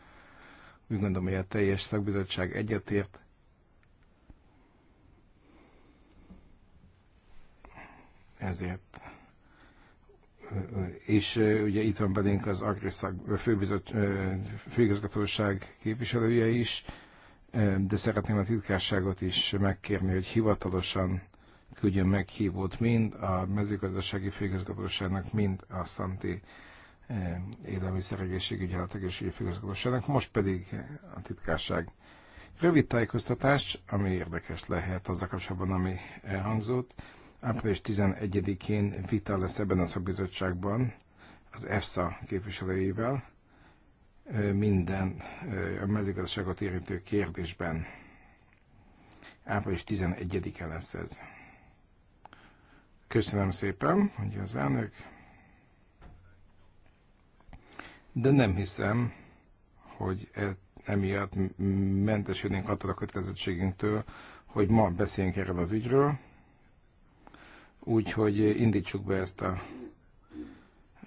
Úgy gondolom, hogy a teljes szakbizottság egyetért. Ezért és ugye itt van velünk az Agriszak főigazgatóság képviselője is, de szeretném a titkárságot is megkérni, hogy hivatalosan küldjön meghívót mind a mezőgazdasági főigazgatóságnak, mind a Szanti Eh, élelmiszeregészségügyi egészségügyi főgazgatóságnak, most pedig a titkárság rövid tájékoztatás, ami érdekes lehet azzal kapcsolatban, ami elhangzott. Április 11-én vita lesz ebben a szakbizottságban az EFSA képviselőivel eh, minden eh, a mezőgazdaságot érintő kérdésben. Április 11-e lesz ez. Köszönöm szépen, hogy az elnök de nem hiszem, hogy e, emiatt mentesülnénk attól a kötelezettségünktől, hogy ma beszéljünk erről az ügyről, úgyhogy indítsuk be ezt a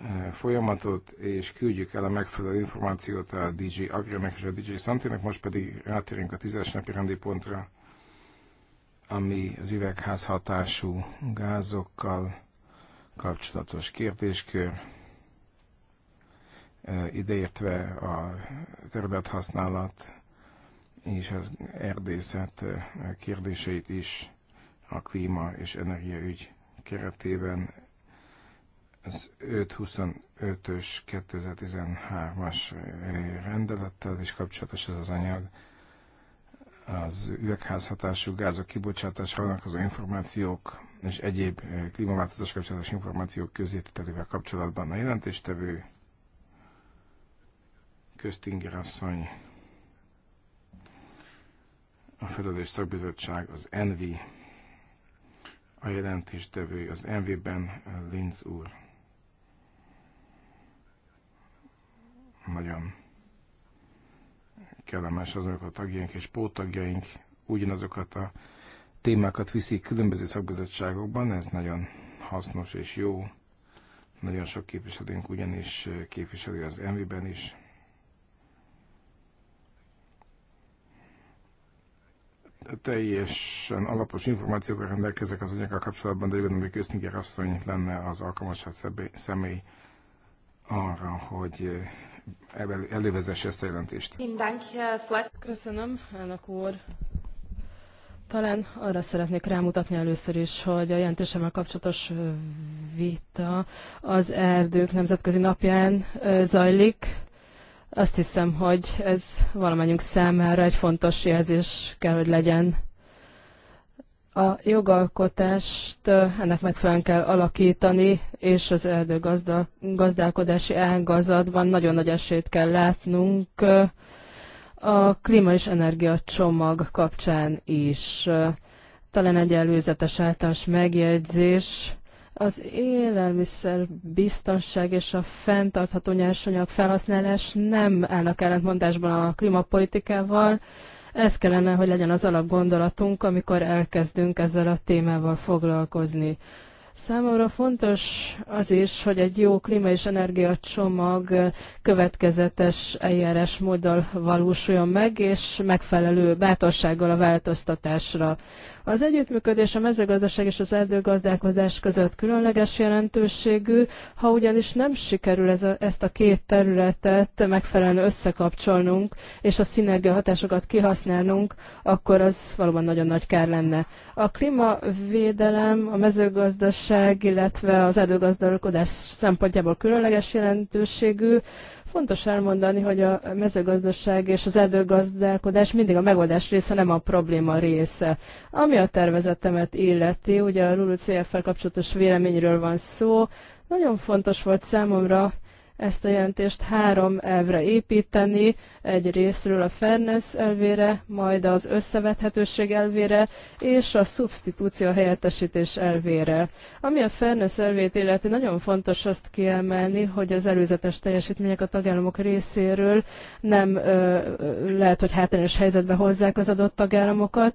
e, folyamatot, és küldjük el a megfelelő információt a DJ Agrinek és a DJ Santinek, most pedig rátérünk a tízes napi rendi pontra, ami az üvegházhatású gázokkal kapcsolatos kérdéskör ideértve a területhasználat és az erdészet kérdéseit is a klíma és energiaügy keretében az 525-ös 2013-as rendelettel is kapcsolatos ez az anyag. Az üvegházhatású gázok kibocsátására vonatkozó információk és egyéb klímaváltozás kapcsolatos információk közétételével kapcsolatban a jelentéstevő Köztinger asszony, a Felelős Szakbizottság, az ENVI, a jelentéstevő az ENVI-ben Linz úr. Nagyon kellemes azok a tagjaink és póttagjaink, ugyanazokat a témákat viszik különböző szakbizottságokban, ez nagyon hasznos és jó. Nagyon sok képviselőnk ugyanis képviseli az ENVI-ben is, teljesen alapos információkkal rendelkezek az anyaggal kapcsolatban, de úgy gondolom, hogy Köztinger asszony lenne az alkalmasabb személy arra, hogy eh, elővezesse ezt a jelentést. Köszönöm, elnök úr. Talán arra szeretnék rámutatni először is, hogy a jelentésemmel kapcsolatos vita az erdők nemzetközi napján eh, zajlik. Azt hiszem, hogy ez valamennyünk számára egy fontos jelzés kell, hogy legyen. A jogalkotást ennek megfelelően kell alakítani, és az erdőgazdálkodási ágazatban nagyon nagy esélyt kell látnunk a klíma és energia csomag kapcsán is. Talán egy előzetes általános megjegyzés az élelmiszer biztonság és a fenntartható nyersanyag felhasználás nem állnak ellentmondásban a klímapolitikával. Ez kellene, hogy legyen az alapgondolatunk, amikor elkezdünk ezzel a témával foglalkozni. Számomra fontos az is, hogy egy jó klíma és energia csomag következetes eljárás valósuljon meg, és megfelelő bátorsággal a változtatásra. Az együttműködés a mezőgazdaság és az erdőgazdálkodás között különleges jelentőségű, ha ugyanis nem sikerül ez a, ezt a két területet megfelelően összekapcsolnunk, és a szinergia hatásokat kihasználnunk, akkor az valóban nagyon nagy kár lenne. A klímavédelem, a mezőgazdaság, illetve az erdőgazdálkodás szempontjából különleges jelentőségű, Fontos elmondani, hogy a mezőgazdaság és az erdőgazdálkodás mindig a megoldás része, nem a probléma része. Ami a tervezetemet illeti, ugye a LULUCF-fel kapcsolatos véleményről van szó, nagyon fontos volt számomra, ezt a jelentést három elvre építeni, egy részről a fairness elvére, majd az összevethetőség elvére, és a szubstitúció helyettesítés elvére. Ami a fairness elvét illeti, nagyon fontos azt kiemelni, hogy az előzetes teljesítmények a tagállamok részéről nem ö, lehet, hogy hátrányos helyzetbe hozzák az adott tagállamokat,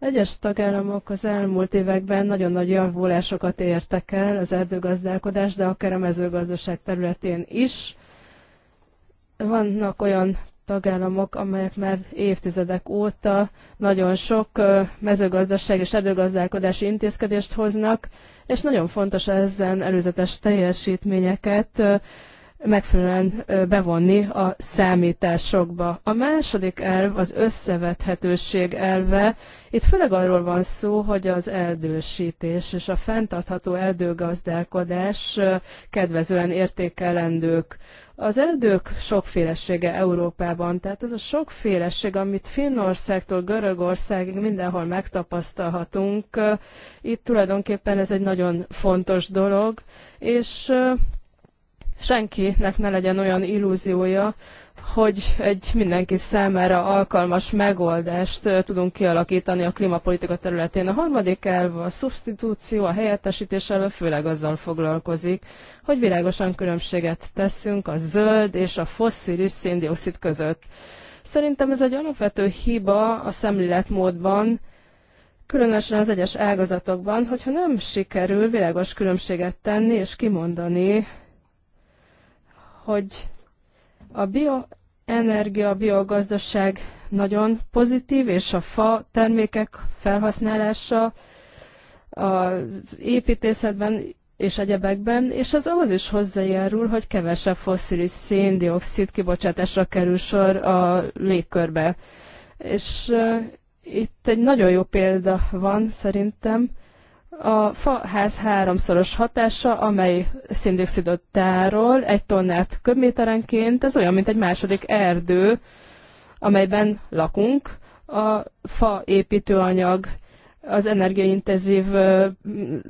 egyes tagállamok az elmúlt években nagyon nagy javulásokat értek el az erdőgazdálkodás, de akár a mezőgazdaság területén is. Vannak olyan tagállamok, amelyek már évtizedek óta nagyon sok mezőgazdaság és erdőgazdálkodási intézkedést hoznak, és nagyon fontos ezen előzetes teljesítményeket megfelelően bevonni a számításokba. A második elv az összevethetőség elve. Itt főleg arról van szó, hogy az erdősítés és a fenntartható erdőgazdálkodás kedvezően értékelendők. Az erdők sokfélesége Európában, tehát ez a sokféleség, amit Finnországtól Görögországig mindenhol megtapasztalhatunk, itt tulajdonképpen ez egy nagyon fontos dolog, és senkinek ne legyen olyan illúziója, hogy egy mindenki számára alkalmas megoldást tudunk kialakítani a klímapolitika területén. A harmadik elv a szubstitúció, a helyettesítés elve főleg azzal foglalkozik, hogy világosan különbséget teszünk a zöld és a fosszilis széndiokszid között. Szerintem ez egy alapvető hiba a szemléletmódban, különösen az egyes ágazatokban, hogyha nem sikerül világos különbséget tenni és kimondani hogy a bioenergia, a biogazdaság nagyon pozitív, és a fa termékek felhasználása az építészetben és egyebekben, és az ahhoz is hozzájárul, hogy kevesebb fosszilis széndiokszid kibocsátásra kerül sor a légkörbe. És uh, itt egy nagyon jó példa van szerintem, a faház háromszoros hatása, amely szindioxidot tárol, egy tonnát köbméterenként, ez olyan, mint egy második erdő, amelyben lakunk. A fa építőanyag az energiaintenzív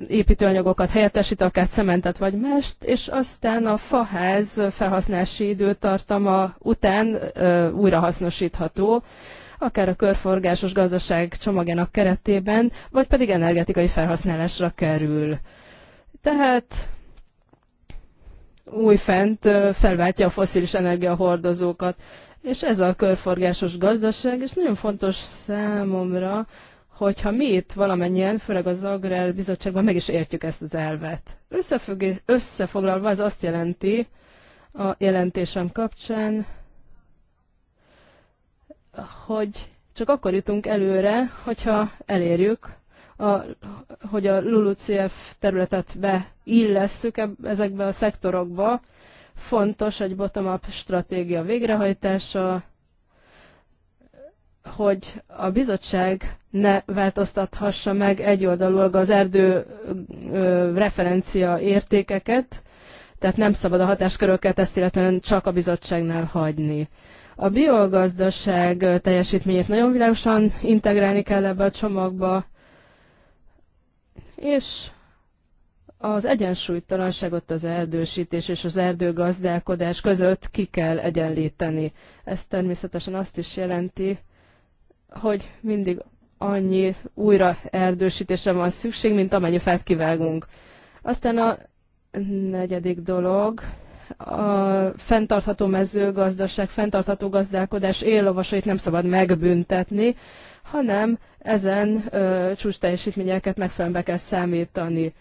építőanyagokat helyettesít, akár cementet vagy mást, és aztán a faház felhasználási időtartama után újrahasznosítható akár a körforgásos gazdaság csomagjának keretében, vagy pedig energetikai felhasználásra kerül. Tehát újfent felváltja a foszilis energiahordozókat. És ez a körforgásos gazdaság, és nagyon fontos számomra, hogyha mi itt valamennyien, főleg az Agrár Bizottságban meg is értjük ezt az elvet. Összefoglalva ez azt jelenti a jelentésem kapcsán, hogy csak akkor jutunk előre, hogyha elérjük, a, hogy a LULUCF területet beillesszük ezekbe a szektorokba. Fontos egy bottom-up stratégia végrehajtása, hogy a bizottság ne változtathassa meg egyoldalúlag az erdő ö, referencia értékeket, tehát nem szabad a hatásköröket ezt illetően csak a bizottságnál hagyni. A biogazdaság teljesítményét nagyon világosan integrálni kell ebbe a csomagba, és az egyensúlytalanságot az erdősítés és az erdőgazdálkodás között ki kell egyenlíteni. Ez természetesen azt is jelenti, hogy mindig annyi újra erdősítésre van szükség, mint amennyi fát kivágunk. Aztán a negyedik dolog, a fenntartható mezőgazdaság, fenntartható gazdálkodás éllovasait nem szabad megbüntetni, hanem ezen ö, csúcs teljesítményeket megfelelően be kell számítani.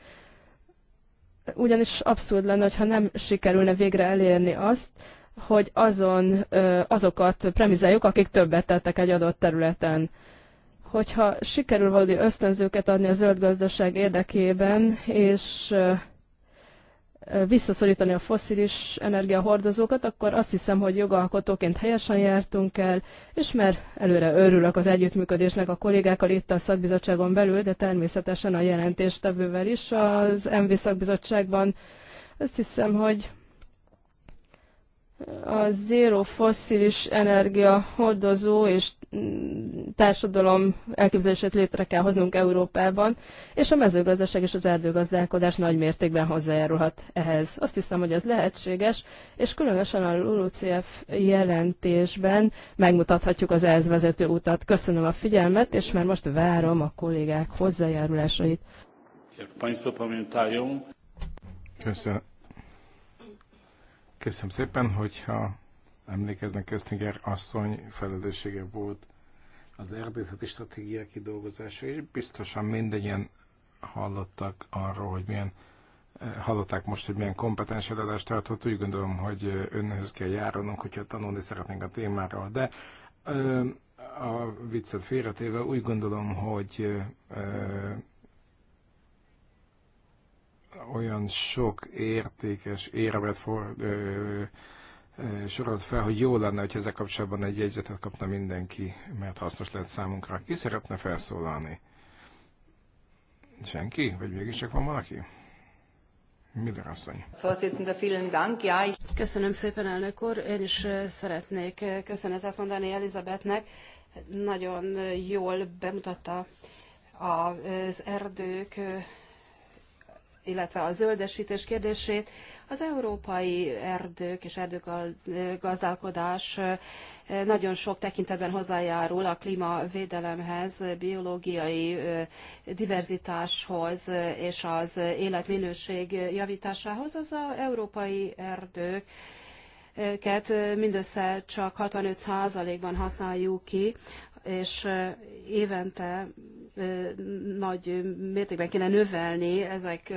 Ugyanis abszurd lenne, ha nem sikerülne végre elérni azt, hogy azon, ö, azokat premizáljuk, akik többet tettek egy adott területen hogyha sikerül valódi ösztönzőket adni a zöld gazdaság érdekében, és visszaszorítani a foszilis energiahordozókat, akkor azt hiszem, hogy jogalkotóként helyesen jártunk el, és már előre örülök az együttműködésnek a kollégákkal itt a szakbizottságon belül, de természetesen a jelentéstevővel is az MV szakbizottságban. Azt hiszem, hogy a zéro fosszilis energia hordozó és mm, társadalom elképzelését létre kell hoznunk Európában, és a mezőgazdaság és az erdőgazdálkodás nagy mértékben hozzájárulhat ehhez. Azt hiszem, hogy ez lehetséges, és különösen a LULUCF jelentésben megmutathatjuk az ehhez vezető utat. Köszönöm a figyelmet, és már most várom a kollégák hozzájárulásait. Köszönöm. Köszönöm szépen, hogyha emlékeznek, Köztinger asszony felelőssége volt az erdészeti stratégiák kidolgozása, és biztosan mindegyen hallottak arról, hogy milyen eh, hallották most, hogy milyen kompetens előadást tartott, úgy gondolom, hogy önhöz kell járnunk, hogyha tanulni szeretnénk a témáról, de eh, a viccet félretéve úgy gondolom, hogy eh, olyan sok értékes érvet for, ö, ö, sorolt fel, hogy jó lenne, hogy ezzel kapcsolatban egy jegyzetet kapna mindenki, mert hasznos lehet számunkra. Ki szeretne felszólalni? Senki? Vagy csak van valaki? Miller asszony. Köszönöm szépen, elnök úr. Én is szeretnék köszönetet mondani Elizabetnek. Nagyon jól bemutatta az erdők illetve a zöldesítés kérdését. Az európai erdők és erdőgazdálkodás nagyon sok tekintetben hozzájárul a klímavédelemhez, biológiai diverzitáshoz és az életminőség javításához. Az az európai erdők ket mindössze csak 65%-ban használjuk ki, és évente nagy mértékben kéne növelni ezek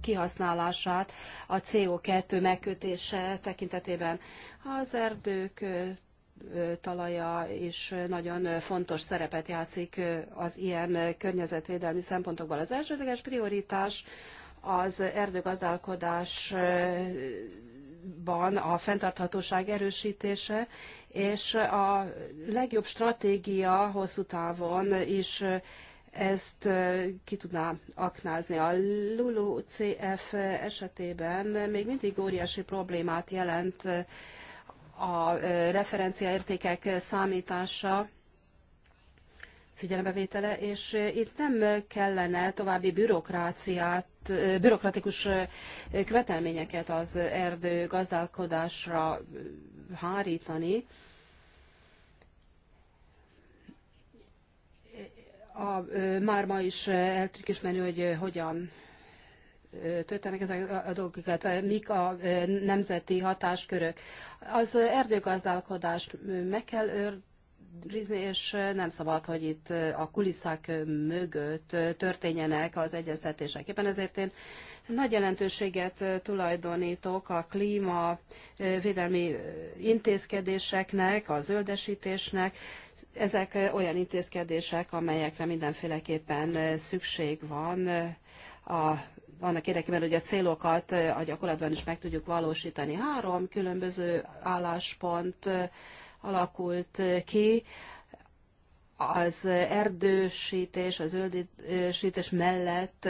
kihasználását a CO2 megkötése tekintetében. Az erdők talaja is nagyon fontos szerepet játszik az ilyen környezetvédelmi szempontokból. Az elsődleges prioritás az erdőgazdálkodásban a fenntarthatóság erősítése, és a legjobb stratégia hosszú távon is ezt ki tudná aknázni. A Lulu CF esetében még mindig óriási problémát jelent a referenciaértékek számítása, figyelembevétele, és itt nem kellene további bürokráciát, bürokratikus követelményeket az erdő gazdálkodásra hárítani, a, már ma is el tudjuk ismerni, hogy hogyan történnek ezek a dolgok, mik a nemzeti hatáskörök. Az erdőgazdálkodást meg kell őrizni, és nem szabad, hogy itt a kulisszák mögött történjenek az egyeztetések. Éppen ezért én nagy jelentőséget tulajdonítok a klímavédelmi intézkedéseknek, a zöldesítésnek, ezek olyan intézkedések, amelyekre mindenféleképpen szükség van a, annak érdekében, hogy a célokat a gyakorlatban is meg tudjuk valósítani. Három különböző álláspont alakult ki az erdősítés, az öldítés mellett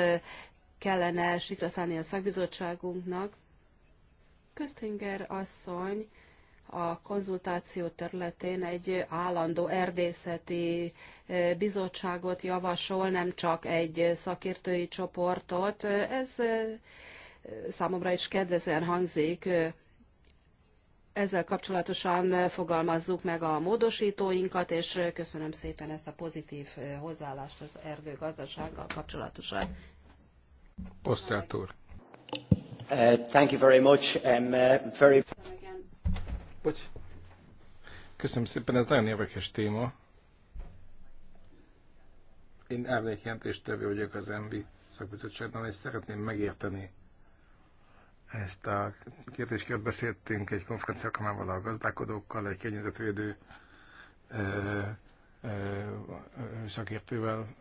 kellene sikra szállni a szakbizottságunknak. Köztinger asszony a konzultáció területén egy állandó erdészeti eh, bizottságot javasol, nem csak egy szakértői csoportot. Ez eh, számomra is kedvezően hangzik. Ezzel kapcsolatosan fogalmazzuk meg a módosítóinkat, és köszönöm szépen ezt a pozitív eh, hozzáállást az erdőgazdasággal kapcsolatosan. Osztrátor. Uh, thank you very much. Um, uh, very... Bocs. Köszönöm szépen, ez nagyon érdekes téma. Én árnyékjelentéstevő vagyok az MBI szakbizottságban, és szeretném megérteni ezt a kérdéskört beszéltünk egy konferenciakamával a gazdálkodókkal, egy környezetvédő ö, ö, szakértővel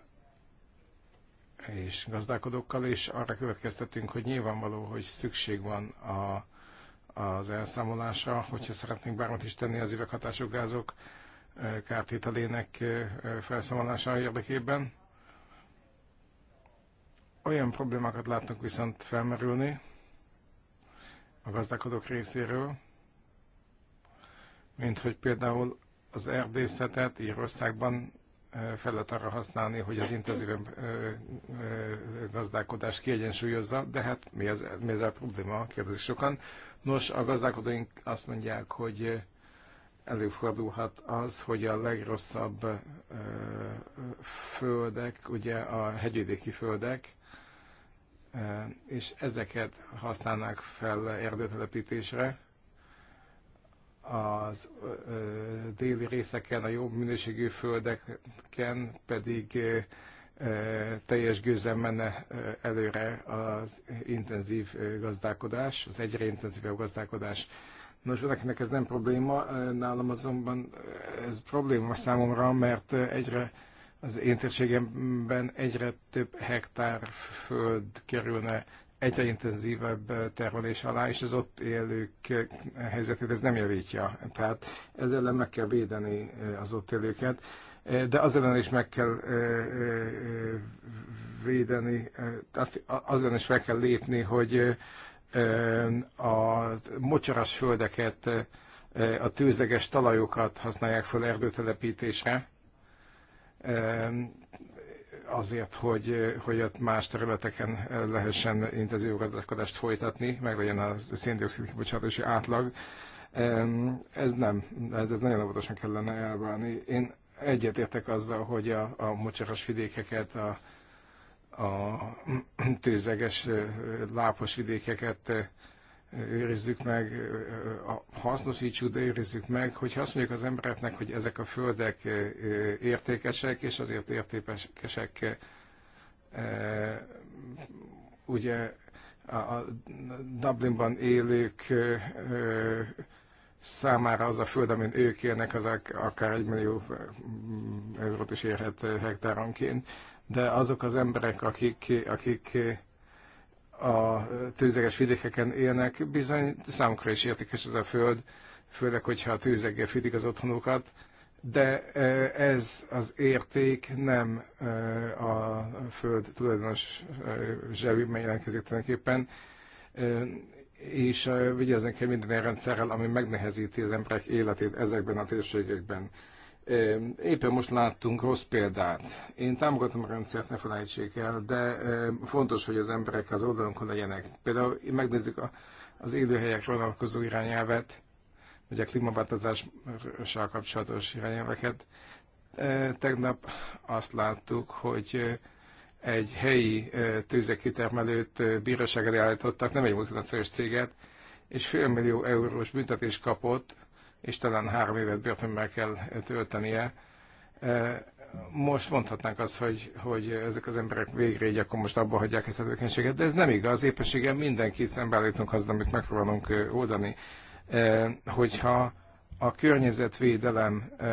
és gazdálkodókkal, és arra következtetünk, hogy nyilvánvaló, hogy szükség van a az elszámolása, hogyha szeretnénk bármit is tenni az üveghatású gázok eh, kártételének eh, felszámolása érdekében. Olyan problémákat láttunk viszont felmerülni a gazdálkodók részéről, mint hogy például az erdészetet Írországban fel lehet arra használni, hogy az intenzíven gazdálkodást kiegyensúlyozza, de hát mi ez, mi az a probléma, kérdezik sokan. Nos, a gazdálkodóink azt mondják, hogy előfordulhat az, hogy a legrosszabb ö, földek, ugye a hegyvidéki földek, ö, és ezeket használnák fel erdőtelepítésre, az déli részeken, a jobb minőségű földeken pedig teljes gőzzel menne előre az intenzív gazdálkodás, az egyre intenzívebb gazdálkodás. Nos, nekinek ez nem probléma, nálam azonban ez probléma számomra, mert egyre az én térségemben egyre több hektár föld kerülne egyre intenzívebb terhelés alá, és az ott élők helyzetét ez nem javítja. Tehát ezzel ellen meg kell védeni eh, az ott élőket, eh, de az ellen is meg kell eh, védeni, azt, az ellen is fel kell lépni, hogy a mocsaras földeket, a tűzeges talajokat használják fel erdőtelepítésre azért, hogy, hogy más területeken lehessen intenzív gazdálkodást folytatni, meg legyen a széndiokszid kibocsátási átlag. Ez nem, hát ez nagyon óvatosan kellene elválni. Én egyetértek azzal, hogy a, a mocsaras vidékeket, a, a tőzeges lápos vidékeket őrizzük meg, hasznosítsuk, de őrizzük meg, hogyha azt mondjuk az embereknek, hogy ezek a földek értékesek, és azért értékesek ugye a Dublinban élők számára az a föld, amin ők élnek, az akár egy millió eurót is érhet hektáronként, de azok az emberek, akik, akik a tőzeges vidékeken élnek, bizony számukra is értékes ez a föld, főleg, hogyha a tőzeggel fűtik az otthonukat, de e, ez az érték nem e, a föld tulajdonos e, zsebében jelentkezik tulajdonképpen, és vigyázzunk kell minden rendszerrel, ami megnehezíti az emberek életét ezekben a térségekben. Éppen most láttunk rossz példát. Én támogatom a rendszert, ne felejtsék el, de fontos, hogy az emberek az oldalunkon legyenek. Például megnézzük az élőhelyek vonalkozó irányelvet, vagy a klímaváltozással kapcsolatos irányelveket. Tegnap azt láttuk, hogy egy helyi tőzekitermelőt bíróság elé állítottak, nem egy multinacionalis céget, és félmillió eurós büntetés kapott, és talán három évet börtönbe kell töltenie. E, most mondhatnánk azt, hogy, hogy ezek az emberek végre így akkor most abba hagyják ezt a tevékenységet, de ez nem igaz. Éppenséggel mindenkit szembeállítunk azzal, amit megpróbálunk oldani. E, hogyha a környezetvédelem e,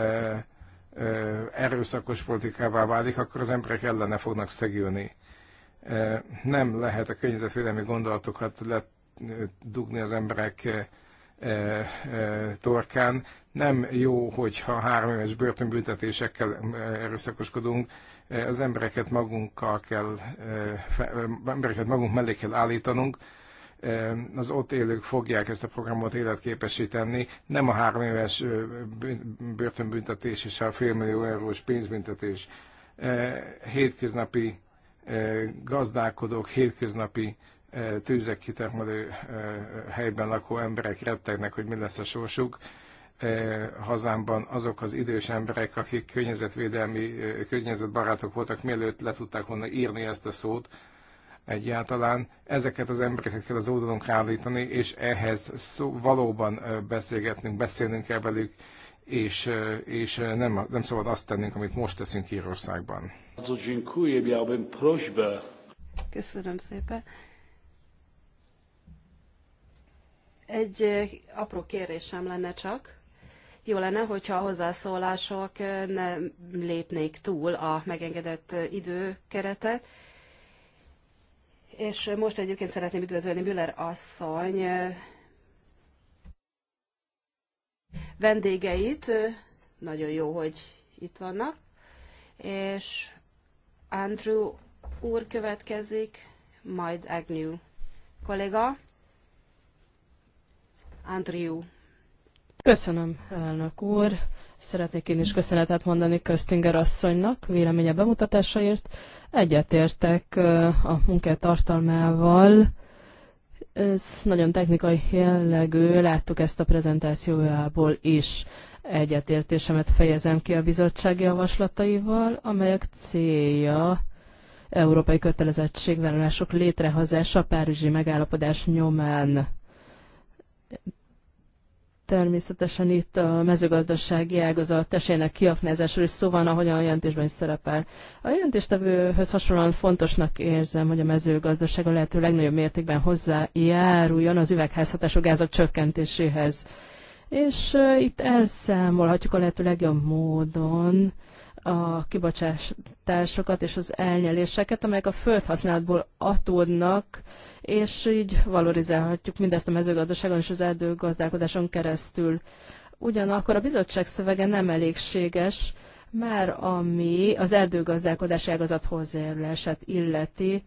erőszakos politikává válik, akkor az emberek ellene fognak szegülni. Nem lehet a környezetvédelmi gondolatokat ledugni az emberek E, e, torkán. Nem jó, hogyha három éves börtönbüntetésekkel e, erőszakoskodunk, az embereket magunkkal kell, embereket magunk mellé kell állítanunk, az ott élők fogják ezt a programot életképesíteni, nem a három éves börtönbüntetés és a félmillió eurós pénzbüntetés. Hétköznapi gazdálkodók, hétköznapi tűzek kitermelő helyben lakó emberek rettegnek, hogy mi lesz a sorsuk. Hazámban azok az idős emberek, akik környezetvédelmi, környezetbarátok voltak, mielőtt le tudták volna írni ezt a szót, egyáltalán ezeket az embereket kell az oldalunk állítani, és ehhez szó, valóban beszélgetnünk, beszélnünk kell velük, és, és nem, nem szabad azt tennünk, amit most teszünk Írországban. Köszönöm szépen. Egy apró kérésem lenne csak. Jó lenne, hogyha a hozzászólások nem lépnék túl a megengedett időkeretet. És most egyébként szeretném üdvözölni Müller asszony vendégeit. Nagyon jó, hogy itt vannak. És Andrew úr következik, majd Agnew kolléga. Köszönöm, elnök úr. Szeretnék én is köszönetet mondani Köztinger asszonynak véleménye bemutatásaért. Egyetértek a munkája tartalmával. Ez nagyon technikai jellegű, láttuk ezt a prezentációjából is. Egyetértésemet fejezem ki a bizottság javaslataival, amelyek célja európai kötelezettségvállalások létrehozása a Párizsi megállapodás nyomán Természetesen itt a mezőgazdasági ágazat esélynek kiaknázásról is szó van, ahogyan a jelentésben is szerepel. A jelentéstevőhöz hasonlóan fontosnak érzem, hogy a mezőgazdaság a lehető legnagyobb mértékben hozzájáruljon az üvegházhatású gázok csökkentéséhez. És itt elszámolhatjuk a lehető legjobb módon a kibocsátásokat és az elnyeléseket, amelyek a földhasználatból adódnak, és így valorizálhatjuk mindezt a mezőgazdaságon és az erdőgazdálkodáson keresztül. Ugyanakkor a bizottság szövege nem elégséges, már ami az erdőgazdálkodási ágazat illeti,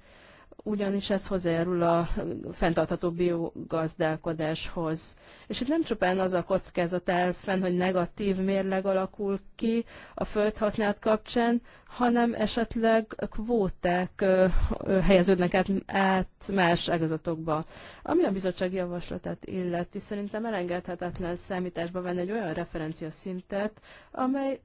ugyanis ez hozzájárul a fenntartható biogazdálkodáshoz. És itt nem csupán az a kockázat áll fenn, hogy negatív mérleg alakul ki a földhasználat kapcsán, hanem esetleg kvóták helyeződnek át, át más ágazatokba. Ami a bizottság javaslatát illeti, szerintem elengedhetetlen számításba venni egy olyan referencia szintet, amely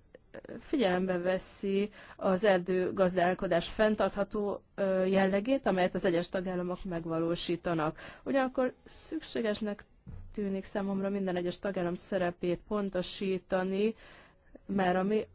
figyelembe veszi az erdőgazdálkodás fenntartható jellegét, amelyet az egyes tagállamok megvalósítanak. Ugyanakkor szükségesnek tűnik számomra minden egyes tagállam szerepét pontosítani, mert ami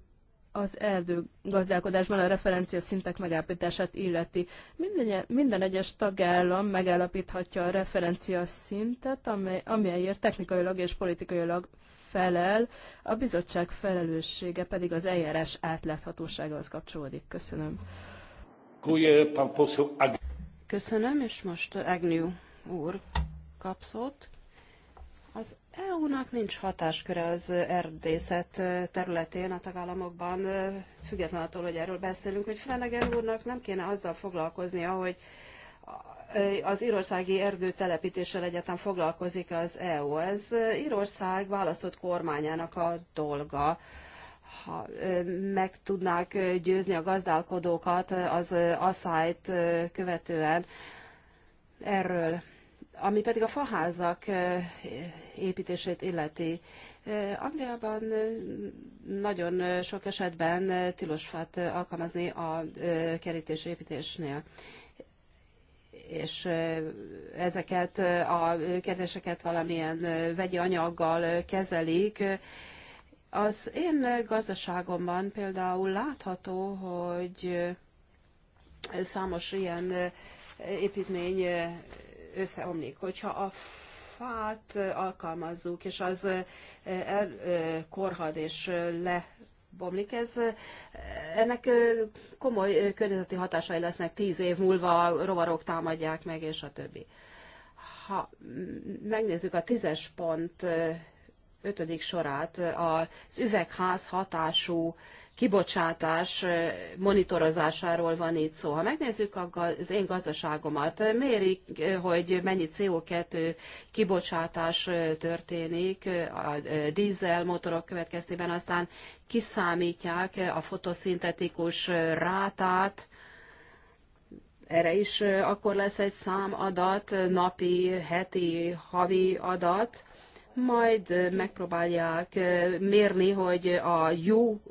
az erdőgazdálkodásban a referencia szintek megállapítását illeti. Minden, minden egyes tagállam megállapíthatja a referencia szintet, amely, amelyért technikailag és politikailag felel, a bizottság felelőssége pedig az eljárás átláthatóságához kapcsolódik. Köszönöm. Köszönöm, és most Agnew úr kap szót. Az EU-nak nincs hatásköre az erdészet területén a tagállamokban, független attól, hogy erről beszélünk, hogy Flanagan úrnak nem kéne azzal foglalkoznia, hogy az írországi erdő telepítéssel egyetem foglalkozik az EU. Ez Írország választott kormányának a dolga. Ha meg tudnák győzni a gazdálkodókat az asszályt követően erről. Ami pedig a faházak építését illeti, Angliában nagyon sok esetben tilos fát alkalmazni a kerítés építésnél és ezeket a kérdéseket valamilyen vegyi anyaggal kezelik. Az én gazdaságomban például látható, hogy számos ilyen építmény összeomlik. Hogyha a fát alkalmazzuk, és az korhad és le bomlik. Ez, ennek komoly környezeti hatásai lesznek tíz év múlva, rovarok támadják meg, és a többi. Ha megnézzük a tízes pont ötödik sorát, az üvegház hatású kibocsátás monitorozásáról van itt szó. Ha megnézzük az én gazdaságomat, mérik, hogy mennyi CO2 kibocsátás történik a dízel motorok következtében, aztán kiszámítják a fotoszintetikus rátát, erre is akkor lesz egy számadat, napi, heti, havi adat, majd megpróbálják mérni, hogy a jó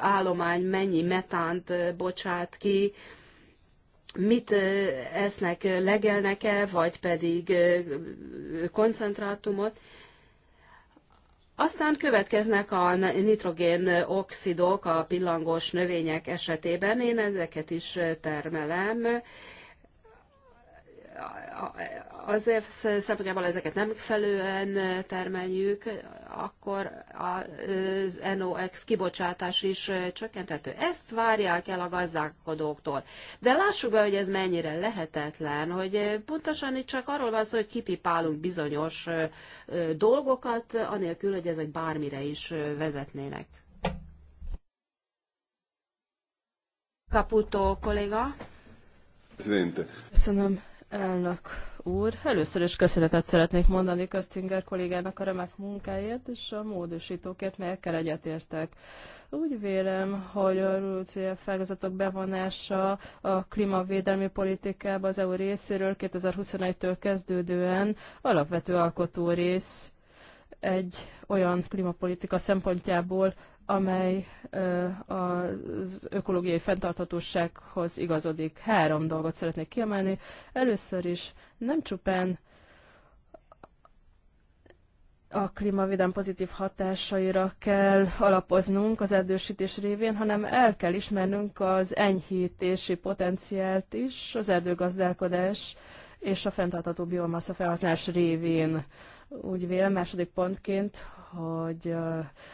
állomány mennyi metánt bocsát ki, mit esznek, legelnek-e, vagy pedig koncentrátumot. Aztán következnek a nitrogén oxidok a pillangos növények esetében. Én ezeket is termelem az év szempontjából ezeket nem megfelelően termeljük, akkor az NOx kibocsátás is csökkentető. Ezt várják el a gazdálkodóktól. De lássuk be, hogy ez mennyire lehetetlen, hogy pontosan itt csak arról van szó, hogy kipipálunk bizonyos dolgokat, anélkül, hogy ezek bármire is vezetnének. Caputo kolléga. Köszönöm elnök úr! Először is köszönetet szeretnék mondani Köztinger kollégának a remek munkáért és a módosítókért, melyekkel egyetértek. Úgy vélem, hogy a rúcia felgazatok bevonása a klímavédelmi politikába az EU részéről 2021-től kezdődően alapvető alkotó rész egy olyan klímapolitika szempontjából, amely az ökológiai fenntarthatósághoz igazodik. Három dolgot szeretnék kiemelni. Először is nem csupán a klímavédelem pozitív hatásaira kell alapoznunk az erdősítés révén, hanem el kell ismernünk az enyhítési potenciált is az erdőgazdálkodás és a fenntartható biomassa felhasználás révén. Úgy vélem második pontként, hogy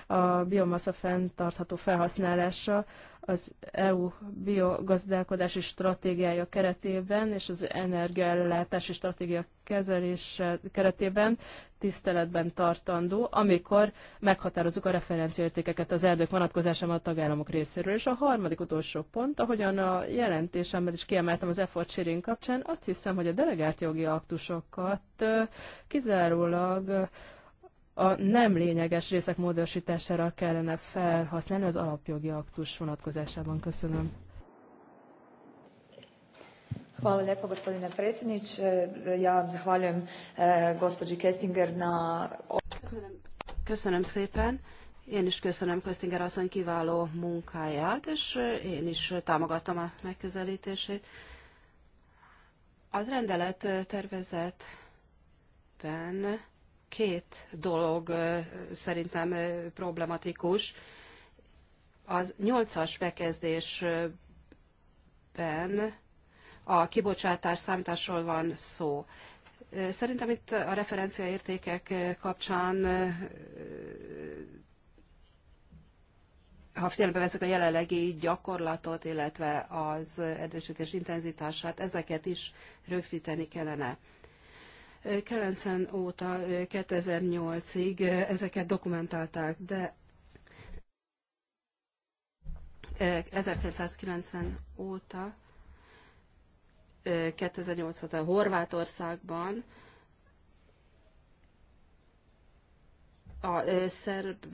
a biomasza fenntartható felhasználása az EU biogazdálkodási stratégiája keretében és az energiaellátási stratégia kezelése keretében tiszteletben tartandó, amikor meghatározzuk a referenciaértékeket az erdők vonatkozásában a tagállamok részéről. És a harmadik utolsó pont, ahogyan a jelentésemben is kiemeltem az effort sharing kapcsán, azt hiszem, hogy a delegált jogi aktusokat kizárólag a nem lényeges részek módosítására kellene felhasználni az alapjogi aktus vonatkozásában. Köszönöm. Hvala lijepo gospodine predsjednič. Ja zahvaljujem e, gospođi Kestinger na... Köszönöm. köszönöm szépen. Én is köszönöm Köztinger asszony kiváló munkáját, és e, én is támogatom a megközelítését. Az rendelet e, tervezetben két dolog szerintem problematikus. Az nyolcas bekezdésben a kibocsátás számításról van szó. Szerintem itt a referenciaértékek kapcsán, ha figyelembe veszük a jelenlegi gyakorlatot, illetve az erősítés intenzitását, ezeket is rögzíteni kellene. 90 óta 2008-ig ezeket dokumentálták, de 1990 óta 2008 óta Horvátországban a szerb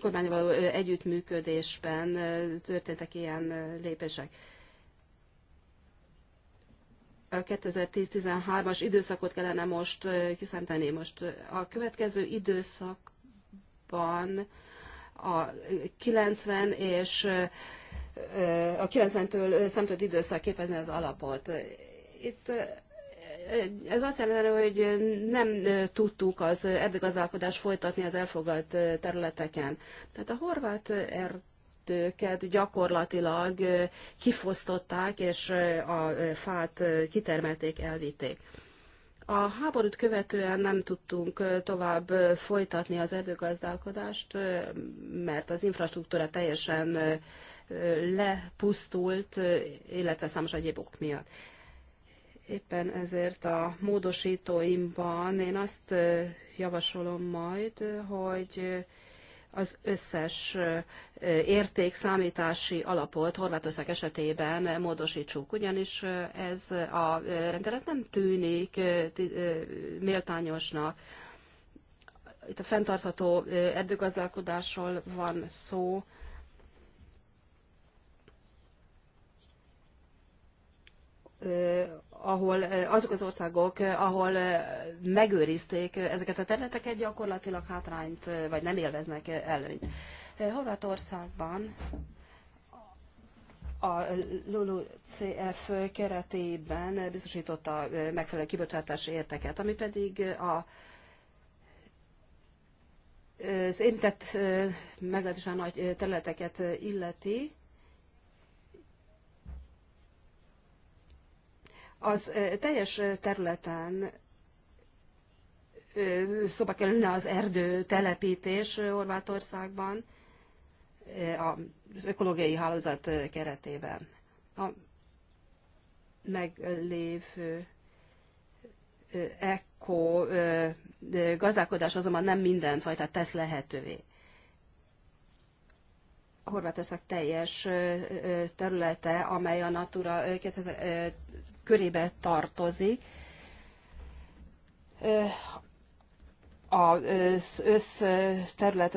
kormányval együttműködésben történtek ilyen lépések. 2010-13-as időszakot kellene most kiszámítani. Most a következő időszakban a 90 és a 90-től szemtött időszak képezni az alapot. Itt ez azt jelenti, hogy nem tudtuk az eddig erdőgazdálkodást folytatni az elfoglalt területeken. Tehát a horvát erdő erdőket gyakorlatilag kifosztották, és a fát kitermelték, elvitték. A háborút követően nem tudtunk tovább folytatni az erdőgazdálkodást, mert az infrastruktúra teljesen lepusztult, illetve számos egyéb ok miatt. Éppen ezért a módosítóimban én azt javasolom majd, hogy az összes érték számítási alapot Horvátország esetében módosítsuk, ugyanis ez a rendelet nem tűnik méltányosnak. Itt a fenntartható erdőgazdálkodásról van szó, ahol azok az országok, ahol megőrizték ezeket a területeket, gyakorlatilag hátrányt, vagy nem élveznek előnyt. Horvátországban a LULU-CF keretében biztosította megfelelő kibocsátási érteket, ami pedig a az érintett meglehetősen nagy területeket illeti, az teljes területen szoba kerülne az erdő telepítés Horvátországban az ökológiai hálózat keretében. A meglévő eko gazdálkodás azonban nem minden fajtát tesz lehetővé. Horvátország teljes területe, amely a Natura 2000 körébe tartozik. Az összterület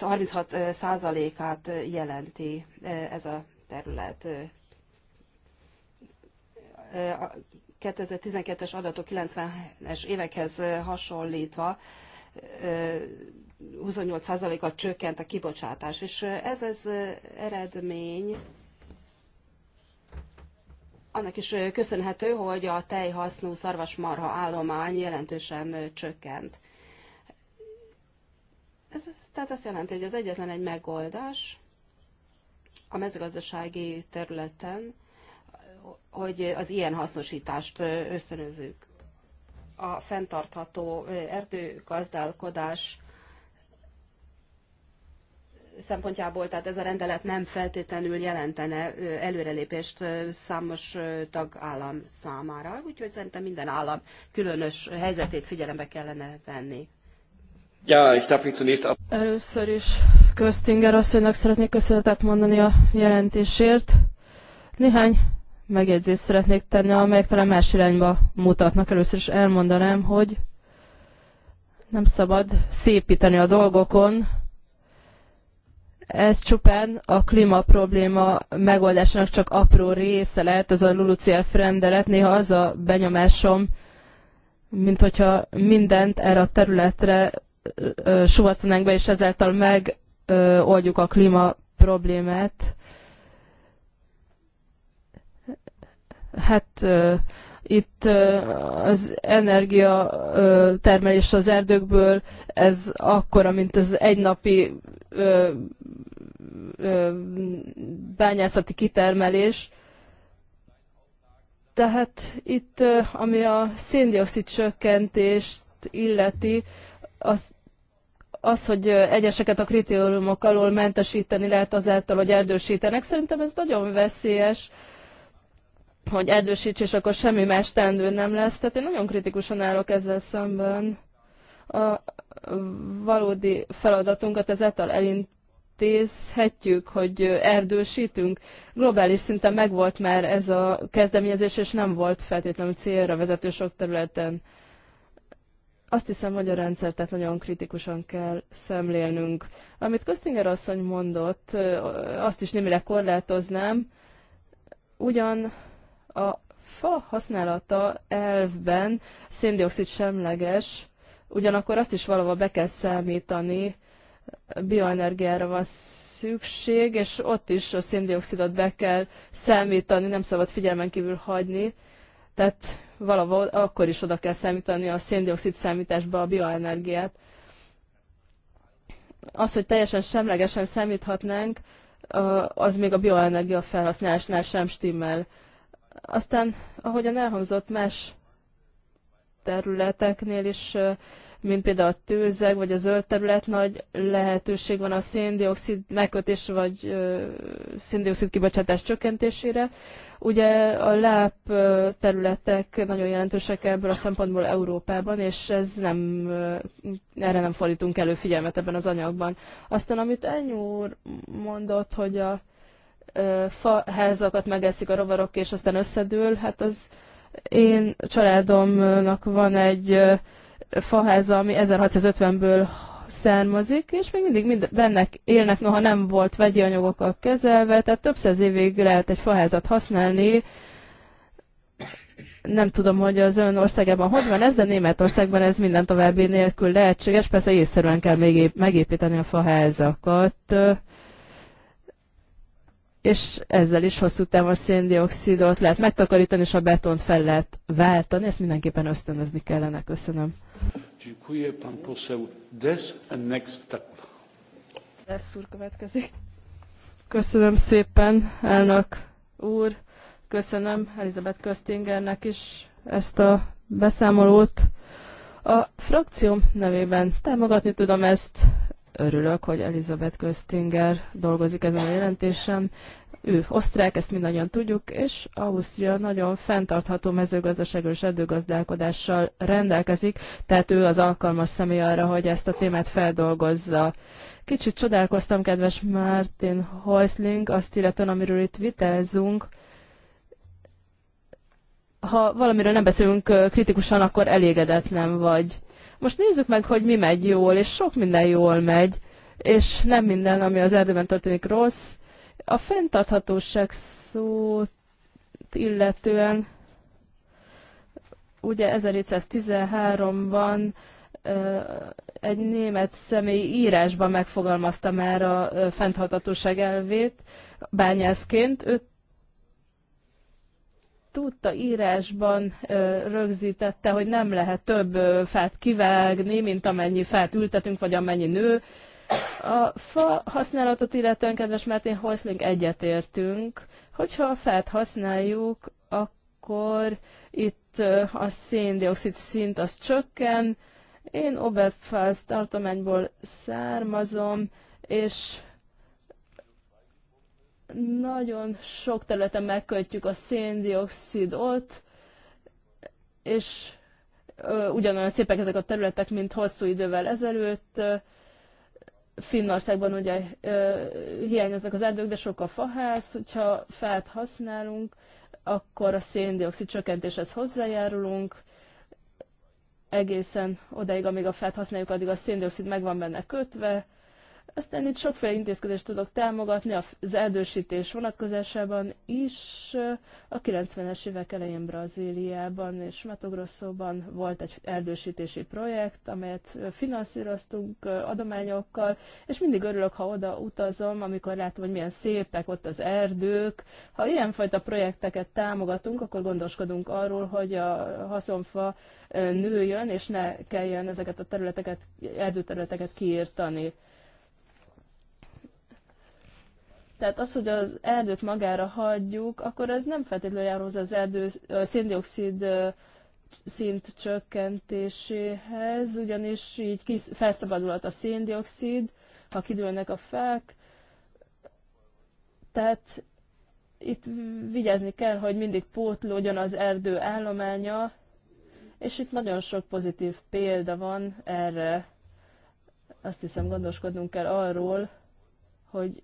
36 százalékát jelenti ez a terület. 2012-es adatok 90-es évekhez hasonlítva 28 a csökkent a kibocsátás, és ez az eredmény annak is köszönhető, hogy a tejhasznú szarvasmarha állomány jelentősen csökkent. Ez tehát azt jelenti, hogy az egyetlen egy megoldás a mezőgazdasági területen, hogy az ilyen hasznosítást ösztönözzük. A fenntartható erdőgazdálkodás szempontjából, tehát ez a rendelet nem feltétlenül jelentene előrelépést számos tagállam számára, úgyhogy szerintem minden állam különös helyzetét figyelembe kellene venni. Ja, ich darf mich zunächst ab. Először is Köztinger asszonynak szeretnék köszönetet mondani a jelentésért. Néhány megjegyzést szeretnék tenni, amelyek talán más irányba mutatnak. Először is elmondanám, hogy nem szabad szépíteni a dolgokon, ez csupán a klímaprobléma megoldásának csak apró része lehet, ez a LULUCF rendelet, néha az a benyomásom, mint hogyha mindent erre a területre suvasztanánk be, és ezáltal megoldjuk a klíma problémát. Hát itt az energia termelés az erdőkből, ez akkora, mint az egynapi bányászati kitermelés. Tehát itt, ami a széndiokszid csökkentést illeti, az, az, hogy egyeseket a kritériumok alól mentesíteni lehet azáltal, hogy erdősítenek, szerintem ez nagyon veszélyes, hogy erdősíts, és akkor semmi más tendő nem lesz. Tehát én nagyon kritikusan állok ezzel szemben. A valódi feladatunkat ezáltal elintézhetjük, hogy erdősítünk. Globális szinten megvolt már ez a kezdeményezés, és nem volt feltétlenül célra vezető sok területen. Azt hiszem, hogy a rendszer, tehát nagyon kritikusan kell szemlélnünk. Amit Köztinger asszony mondott, azt is némileg korlátoznám, ugyan a fa használata elvben széndiokszid semleges, ugyanakkor azt is valahol be kell számítani, bioenergiára van szükség, és ott is a széndiokszidot be kell számítani, nem szabad figyelmen kívül hagyni. Tehát valahol akkor is oda kell számítani a széndiokszid számításba a bioenergiát. Az, hogy teljesen semlegesen számíthatnánk, az még a bioenergia felhasználásnál sem stimmel. Aztán, ahogyan elhangzott más területeknél is, mint például a tőzeg vagy a zöld terület, nagy lehetőség van a széndiokszid megkötés vagy széndiokszid kibocsátás csökkentésére. Ugye a láp területek nagyon jelentősek ebből a szempontból Európában, és ez nem, erre nem fordítunk elő figyelmet ebben az anyagban. Aztán, amit Ennyi úr mondott, hogy a faházakat megeszik a rovarok, és aztán összedől. Hát az én családomnak van egy faháza, ami 1650-ből származik, és még mindig mind, bennek élnek, noha nem volt vegyi anyagokkal kezelve, tehát több száz évig lehet egy faházat használni. Nem tudom, hogy az ön országában hogy van ez, de Németországban ez minden további nélkül lehetséges. Persze észszerűen kell még megépíteni a faházakat és ezzel is hosszú távon széndiokszidot lehet megtakarítani, és a betont fel lehet váltani. Ezt mindenképpen ösztönözni kellene. Köszönöm. Dziękuję, pan poseł and next step. úr következik. Köszönöm szépen, elnök úr. Köszönöm Elizabeth Köztingernek is ezt a beszámolót. A frakcióm nevében támogatni tudom ezt Örülök, hogy Elizabeth Köztinger dolgozik ezen a jelentésen. Ő osztrák, ezt mindannyian tudjuk, és Ausztria nagyon fenntartható mezőgazdaságos és erdőgazdálkodással rendelkezik, tehát ő az alkalmas személy arra, hogy ezt a témát feldolgozza. Kicsit csodálkoztam, kedves Martin Heusling, azt illetően, amiről itt vitázunk, ha valamiről nem beszélünk kritikusan, akkor elégedetlen vagy. Most nézzük meg, hogy mi megy jól, és sok minden jól megy, és nem minden, ami az erdőben történik rossz. A fenntarthatóság szót illetően ugye 1713-ban egy német személy írásban megfogalmazta már a fenntarthatóság elvét bányászként. Ő tudta írásban rögzítette, hogy nem lehet több fát kivágni, mint amennyi fát ültetünk, vagy amennyi nő. A fa használatot illetően, kedves Mertén Holszling, egyetértünk, hogyha a fát használjuk, akkor itt a széndiokszid szint az csökken. Én Oberpfalz tartományból származom, és nagyon sok területen megkötjük a széndiokszidot, és ö, ugyanolyan szépek ezek a területek, mint hosszú idővel ezelőtt. Finnországban ugye ö, hiányoznak az erdők, de sok a faház, hogyha fát használunk, akkor a széndiokszid csökkentéshez hozzájárulunk, egészen odaig, amíg a fát használjuk, addig a széndiokszid meg van benne kötve, aztán itt sokféle intézkedést tudok támogatni az erdősítés vonatkozásában is. A 90-es évek elején Brazíliában és Matogrosszóban volt egy erdősítési projekt, amelyet finanszíroztunk adományokkal, és mindig örülök, ha oda utazom, amikor látom, hogy milyen szépek ott az erdők. Ha ilyenfajta projekteket támogatunk, akkor gondoskodunk arról, hogy a haszonfa nőjön, és ne kelljen ezeket a területeket, erdőterületeket kiírtani. Tehát az, hogy az erdőt magára hagyjuk, akkor ez nem feltétlenül jár hozzá az erdő a széndiokszid szint csökkentéséhez, ugyanis így felszabadulhat a széndiokszid, ha kidőlnek a fák. Tehát itt vigyázni kell, hogy mindig pótlódjon az erdő állománya, és itt nagyon sok pozitív példa van erre. Azt hiszem, gondoskodnunk kell arról, hogy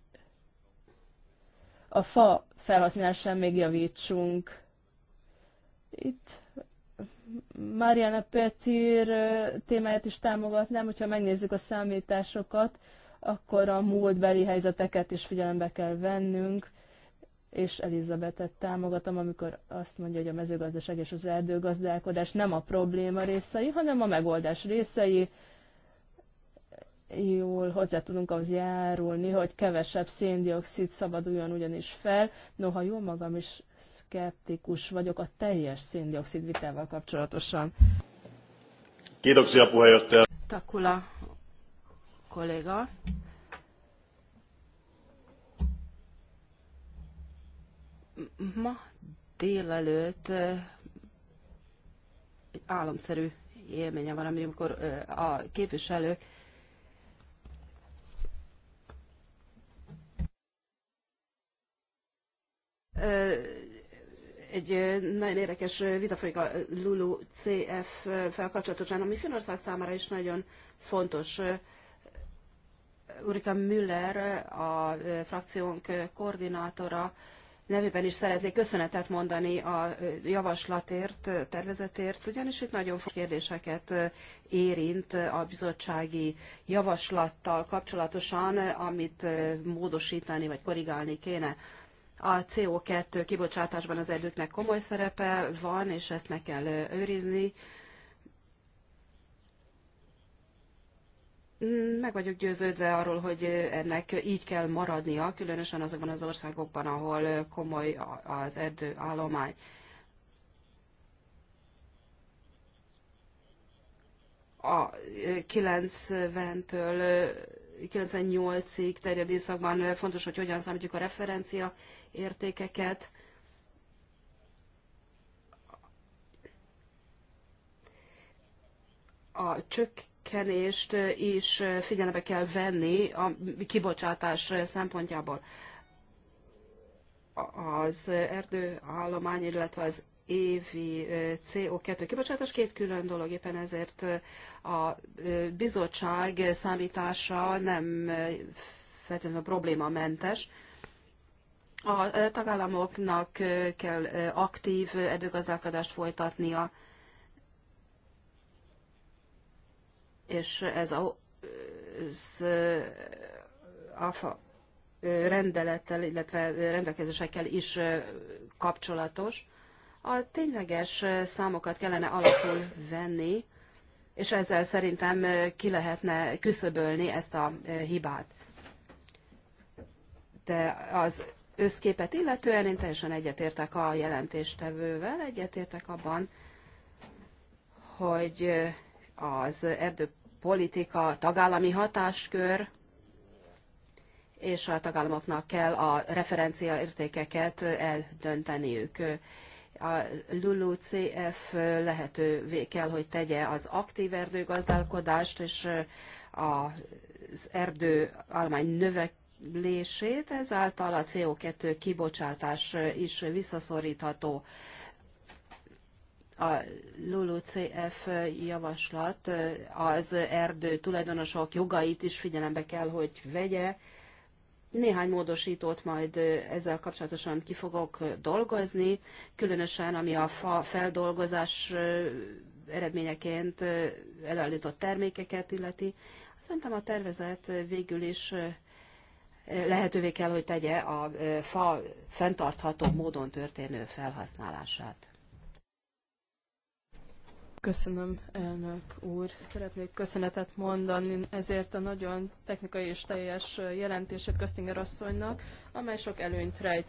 a fa felhasználásán még javítsunk. Itt Mariana Petir témáját is támogatnám, hogyha megnézzük a számításokat, akkor a múltbeli helyzeteket is figyelembe kell vennünk, és Elizabetet támogatom, amikor azt mondja, hogy a mezőgazdaság és az erdőgazdálkodás nem a probléma részei, hanem a megoldás részei, jól hozzá tudunk az járulni, hogy kevesebb széndiokszid szabaduljon ugyanis fel. Noha jó magam is szkeptikus vagyok a teljes széndiokszid vitával kapcsolatosan. helyett el. Takula kolléga. Ma délelőtt egy álomszerű élménye van, amikor a képviselők egy nagyon érdekes vita folyik a Lulu CF felkapcsolatosan, ami Finország számára is nagyon fontos. Urika Müller, a frakciónk koordinátora, nevében is szeretnék köszönetet mondani a javaslatért, tervezetért, ugyanis itt nagyon fontos kérdéseket érint a bizottsági javaslattal kapcsolatosan, amit módosítani vagy korrigálni kéne. A CO2 kibocsátásban az erdőknek komoly szerepe van, és ezt meg kell őrizni. Meg vagyok győződve arról, hogy ennek így kell maradnia, különösen azokban az országokban, ahol komoly az erdőállomány. A 90-től 98-ig terjed időszakban fontos, hogy hogyan számítjuk a referencia értékeket. A csökkenést is figyelembe kell venni a kibocsátás szempontjából. Az erdőállomány, illetve az évi CO2 kibocsátás két külön dolog, éppen ezért a bizottság számítása nem feltétlenül problémamentes. A tagállamoknak kell aktív edőgazdálkodást folytatnia, és ez a, AFA rendelettel, illetve rendelkezésekkel is kapcsolatos. A tényleges számokat kellene alapul venni, és ezzel szerintem ki lehetne küszöbölni ezt a hibát. De az összképet illetően én teljesen egyetértek a jelentéstevővel, egyetértek abban, hogy az erdőpolitika tagállami hatáskör, és a tagállamoknak kell a értékeket eldönteniük a LULU CF lehetővé kell, hogy tegye az aktív erdőgazdálkodást és az erdő állomány növelését, ezáltal a CO2 kibocsátás is visszaszorítható. A LULU CF javaslat az erdő tulajdonosok jogait is figyelembe kell, hogy vegye, néhány módosítót majd ezzel kapcsolatosan ki fogok dolgozni, különösen ami a fa feldolgozás eredményeként előállított termékeket illeti. Szerintem a tervezet végül is lehetővé kell, hogy tegye a fa fenntartható módon történő felhasználását. Köszönöm, elnök úr. Szeretnék köszönetet mondani ezért a nagyon technikai és teljes jelentését Köztinger asszonynak, amely sok előnyt rejt.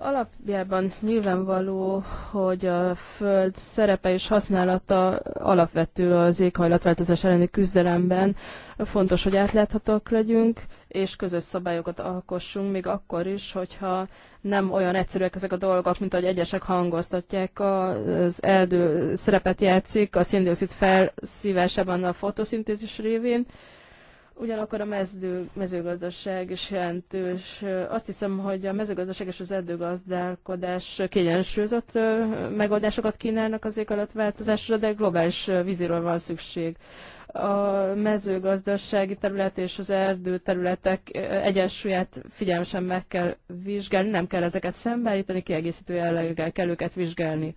Alapjában nyilvánvaló, hogy a föld szerepe és használata alapvető az éghajlatváltozás elleni küzdelemben. Fontos, hogy átláthatók legyünk, és közös szabályokat alkossunk, még akkor is, hogyha nem olyan egyszerűek ezek a dolgok, mint ahogy egyesek hangoztatják, az erdő szerepet játszik a széndiokszid felszívásában a fotoszintézis révén, Ugyanakkor a mezdő, mezőgazdaság is jelentős. Azt hiszem, hogy a mezőgazdaság és az erdőgazdálkodás kiegyensúlyozott megoldásokat kínálnak az változásra, de globális víziről van szükség. A mezőgazdasági terület és az erdő területek egyensúlyát figyelmesen meg kell vizsgálni, nem kell ezeket szembeállítani, kiegészítő jelleggel kell őket vizsgálni.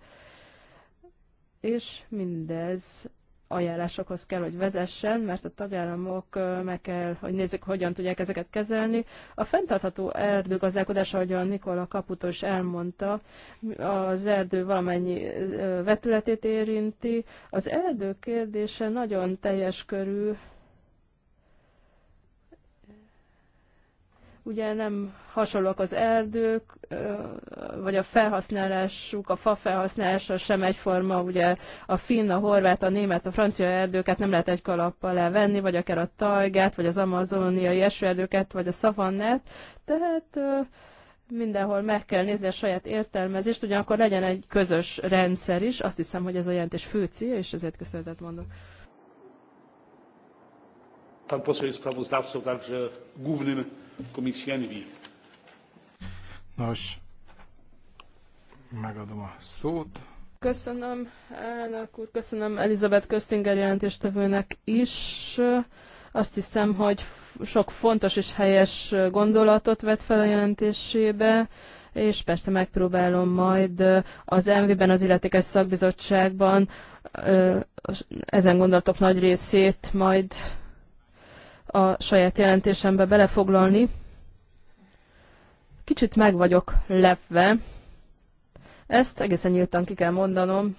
És mindez ajánlásokhoz kell, hogy vezessen, mert a tagállamok meg kell, hogy nézzék, hogyan tudják ezeket kezelni. A fenntartható erdőgazdálkodás, ahogy a Nikola Kaputos is elmondta, az erdő valamennyi vetületét érinti. Az erdő kérdése nagyon teljes körű, Ugye nem hasonlóak az erdők, vagy a felhasználásuk, a fa felhasználása sem egyforma, ugye a finn, a horvát, a német, a francia erdőket nem lehet egy kalappal levenni, vagy akár a tajgát, vagy az amazoniai esőerdőket, vagy a szavannát, tehát mindenhol meg kell nézni a saját értelmezést, ugyanakkor legyen egy közös rendszer is, azt hiszem, hogy ez a jelentés fő célja, és ezért köszönetet mondok. Pan poseł jest sprawozdawcą także głównym Komisji Envi. Nos, megadom a szót. Köszönöm, elnök úr, köszönöm Elizabeth Köztinger jelentéstevőnek is. Azt hiszem, hogy sok fontos és helyes gondolatot vett fel a jelentésébe, és persze megpróbálom majd az MV-ben, az illetékes szakbizottságban ezen gondolatok nagy részét majd a saját jelentésembe belefoglalni. Kicsit meg vagyok lepve. Ezt egészen nyíltan ki kell mondanom,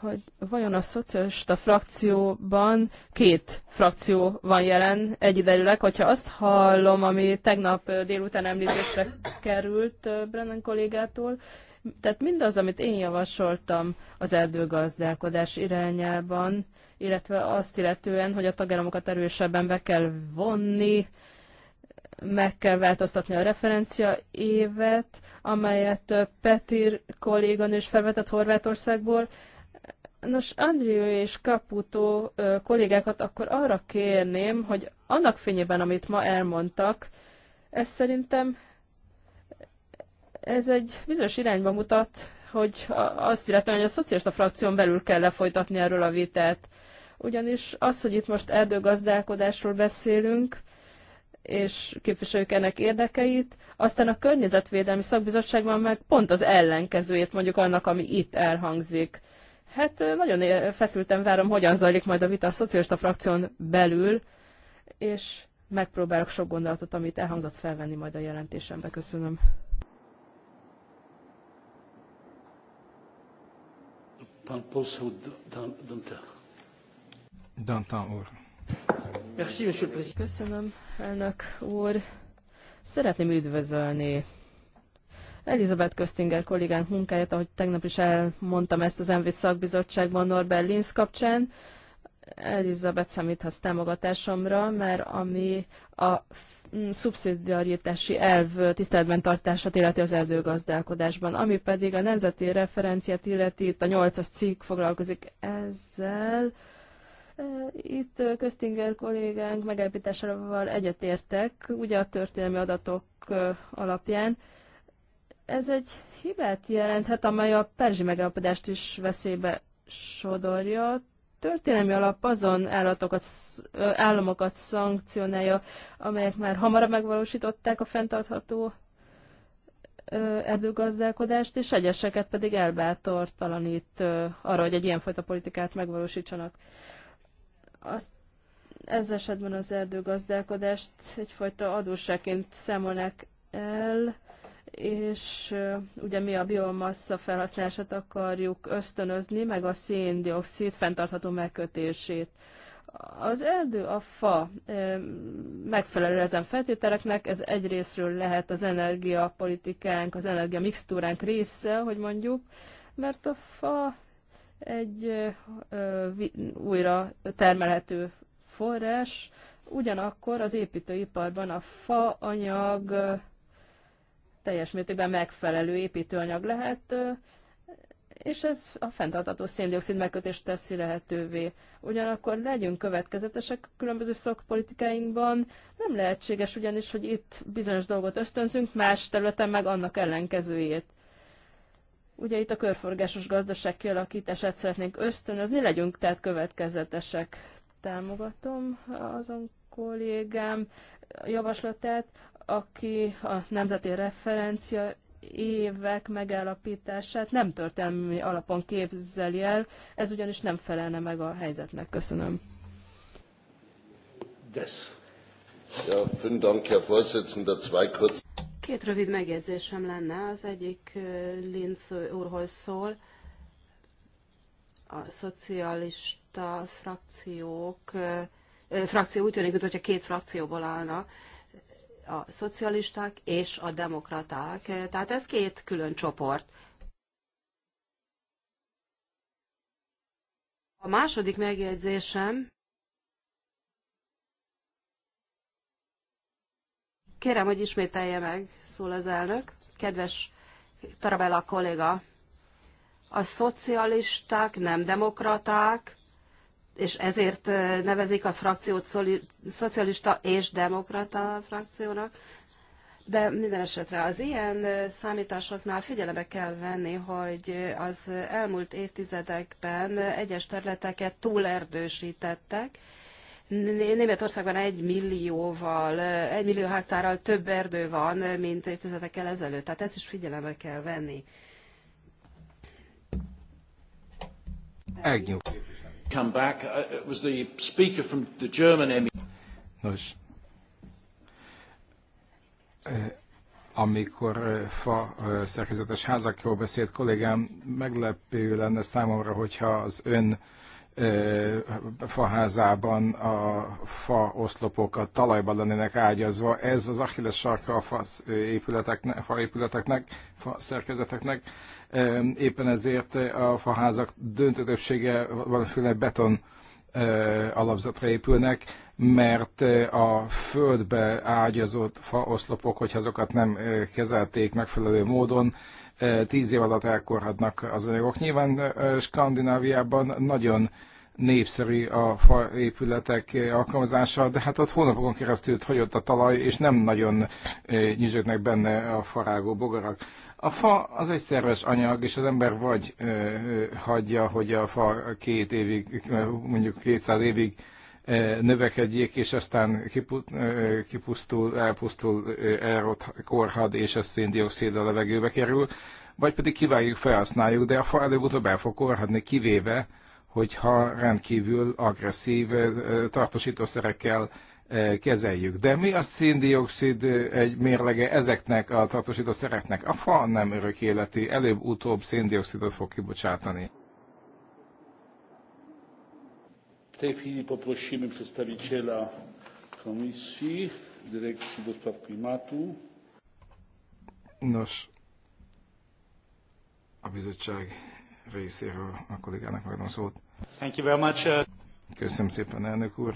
hogy vajon a szocialista frakcióban két frakció van jelen egyidejűleg. Hogyha azt hallom, ami tegnap délután említésre került Brennan kollégától, tehát mindaz, amit én javasoltam az erdőgazdálkodás irányában, illetve azt illetően, hogy a tagállamokat erősebben be kell vonni, meg kell változtatni a referencia évet, amelyet Petir kolléganő is felvetett Horvátországból. Nos, Andrió és Kaputó kollégákat akkor arra kérném, hogy annak fényében, amit ma elmondtak, ez szerintem ez egy bizonyos irányba mutat, hogy azt illetően, hogy a szocialista frakción belül kell lefolytatni erről a vitát. Ugyanis az, hogy itt most erdőgazdálkodásról beszélünk, és képviseljük ennek érdekeit, aztán a környezetvédelmi szakbizottságban meg pont az ellenkezőjét mondjuk annak, ami itt elhangzik. Hát nagyon feszülten várom, hogyan zajlik majd a vita a szocialista frakción belül, és megpróbálok sok gondolatot, amit elhangzott, felvenni majd a jelentésembe. Köszönöm. Pan poseł úr. Merci, monsieur le président. Köszönöm, elnök úr. Szeretném üdvözölni Elizabeth Köstinger kollégánk munkáját, ahogy tegnap is elmondtam ezt az MV szakbizottságban Norbert Linz kapcsán Elizabeth számíthatsz támogatásomra, mert ami a mm, szubszidiarítási elv tiszteletben tartását illeti az erdőgazdálkodásban, ami pedig a nemzeti referenciát illeti, itt a 8-as cikk foglalkozik ezzel. E, itt Köztinger kollégánk megállapításával egyetértek, ugye a történelmi adatok e, alapján. Ez egy hibát jelenthet, amely a perzsi megállapodást is veszélybe sodorja történelmi alap azon állatokat, államokat szankcionálja, amelyek már hamarabb megvalósították a fenntartható erdőgazdálkodást, és egyeseket pedig elbátortalanít arra, hogy egy ilyenfajta politikát megvalósítsanak. Azt ez esetben az erdőgazdálkodást egyfajta adósságként számolnák el, és ugye mi a biomassa felhasználását akarjuk ösztönözni, meg a széndiokszid fenntartható megkötését. Az erdő, a fa megfelelő ezen feltételeknek, ez egyrésztről lehet az energiapolitikánk, az energia mixtúránk része, hogy mondjuk, mert a fa egy újra termelhető forrás, ugyanakkor az építőiparban a fa anyag teljes mértékben megfelelő építőanyag lehet, és ez a fenntartató széndiokszid megkötést teszi lehetővé. Ugyanakkor legyünk következetesek különböző szakpolitikáinkban. Nem lehetséges ugyanis, hogy itt bizonyos dolgot ösztönzünk, más területen meg annak ellenkezőjét. Ugye itt a körforgásos gazdaság kialakítását szeretnénk ösztönözni, legyünk tehát következetesek. Támogatom azon kollégám javaslatát, aki a nemzeti referencia évek megállapítását nem történelmi alapon képzeli el, ez ugyanis nem felelne meg a helyzetnek. Köszönöm. Yes. Ja, Dank, Herr Vorsitzender. Zwei kurz. Két rövid megjegyzésem lenne. Az egyik eh, Linz úrhoz szól. A szocialista frakciók, eh, eh, frakció úgy tűnik, a két frakcióból állna a szocialisták és a demokraták, tehát ez két külön csoport. A második megjegyzésem, kérem, hogy ismételje meg, szól az elnök, kedves Tarabella kolléga, a szocialisták nem demokraták, és ezért nevezik a frakciót szoli, szocialista és demokrata frakciónak, de minden esetre az ilyen számításoknál figyelembe kell venni, hogy az elmúlt évtizedekben egyes területeket túlerdősítettek. Németországban egy millióval, egy millió hektárral több erdő van, mint évtizedekkel ezelőtt. Tehát ezt is figyelembe kell venni. Elnyújt. Come back. Uh, it was the speaker from the German e. Nos, amikor fa szerkezetes házakról beszélt kollégám, meglepő lenne számomra, hogyha az ön faházában a fa oszlopok a talajban lennének ágyazva. Ez az Achilles sarka a fa épületeknek, fa épületeknek, fa szerkezeteknek. Éppen ezért a faházak döntő többsége valamiféle beton e, alapzatra épülnek, mert e, a földbe ágyazott faoszlopok, hogyha azokat nem e, kezelték megfelelő módon, tíz év alatt elkorhatnak az anyagok. Nyilván Skandináviában nagyon népszerű a faépületek alkalmazása, de hát ott hónapokon keresztül hagyott a talaj, és nem nagyon nyizsögnek benne a farágó bogarak. A fa az egy szerves anyag, és az ember vagy ö, ö, hagyja, hogy a fa két évig, mondjuk 200 évig ö, növekedjék, és aztán kiput, ö, kipusztul, elpusztul, elrott, korhad, és a széndiokszid a levegőbe kerül, vagy pedig kivágjuk, felhasználjuk, de a fa előbb-utóbb el fog korhadni, kivéve, hogyha rendkívül agresszív tartósítószerekkel kezeljük. De mi a széndiokszid egy mérlege ezeknek a szereknek? A fa nem örök életi, előbb-utóbb széndiokszidot fog kibocsátani. Nos, a bizottság részéről a kollégának megadom szót. Thank you very much. Uh, Köszönöm szépen, elnök úr.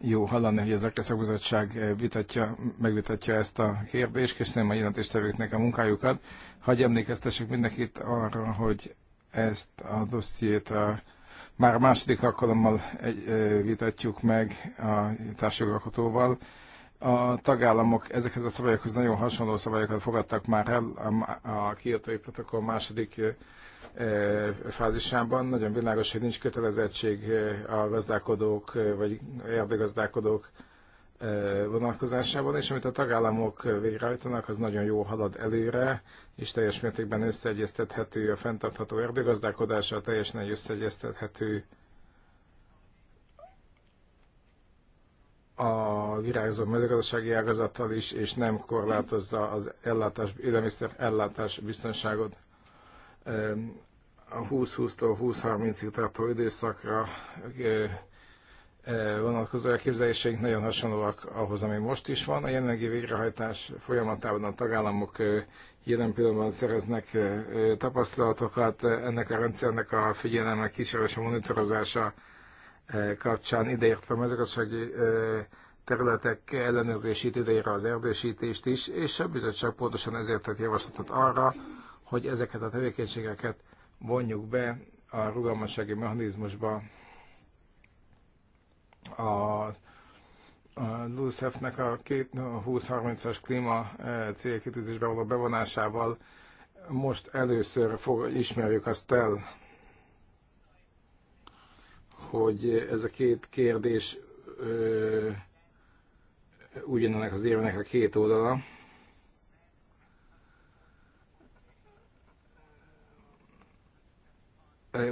jó hallani, hogy az EKSZ bizottság eh, vitatja, megvitatja ezt a kérdést. Köszönöm a jelentéstevőknek a munkájukat. Hagy emlékeztessek mindenkit arra, hogy ezt a dossziét a, már a második alkalommal egy, eh, vitatjuk meg a társjogalkotóval. A tagállamok ezekhez a szabályokhoz nagyon hasonló szabályokat fogadtak már el a, a kiotói protokoll második eh, E, fázisában. Nagyon világos, hogy nincs kötelezettség e, a gazdálkodók e, vagy erdőgazdálkodók vonatkozásában, és amit a tagállamok végrehajtanak, az nagyon jó halad előre, és teljes mértékben összeegyeztethető a fenntartható erdőgazdálkodással, teljesen összeegyeztethető a virágzó mezőgazdasági ágazattal is, és nem korlátozza az ellátás, élelmiszer ellátás biztonságot a 20-20-tól 20-30-ig tartó időszakra vonatkozó elképzeléseink nagyon hasonlóak ahhoz, ami most is van. A jelenlegi végrehajtás folyamatában a tagállamok jelen pillanatban szereznek tapasztalatokat. Ennek a rendszernek a figyelemmel kísérlés a monitorozása kapcsán ideértve a mezőgazdasági területek ellenőrzését, ideértve az erdősítést is, és a bizottság pontosan ezért tett javaslatot arra, hogy ezeket a tevékenységeket vonjuk be a rugalmassági mechanizmusba a, a LULSZEF-nek a 2030-as klíma e, célkitűzésbe való bevonásával most először fog, ismerjük azt el, hogy ez a két kérdés ugyanannak ugyanennek az érvenek a két oldala.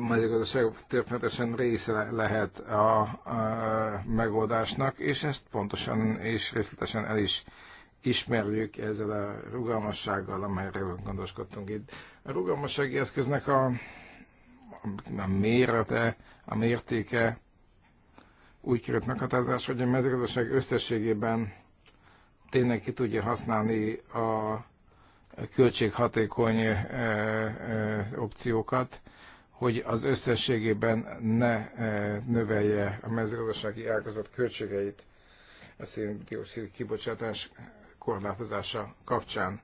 Magyarország történetesen része lehet a, a megoldásnak, és ezt pontosan és részletesen el is ismerjük ezzel a rugalmassággal, amelyről gondoskodtunk itt. A rugalmassági eszköznek a, a mérete, a mértéke úgy került meghatározás, hogy a mezőgazdaság összességében tényleg ki tudja használni a költséghatékony opciókat, hogy az összességében ne e, növelje a mezőgazdasági ágazat költségeit a széndiokszid kibocsátás korlátozása kapcsán.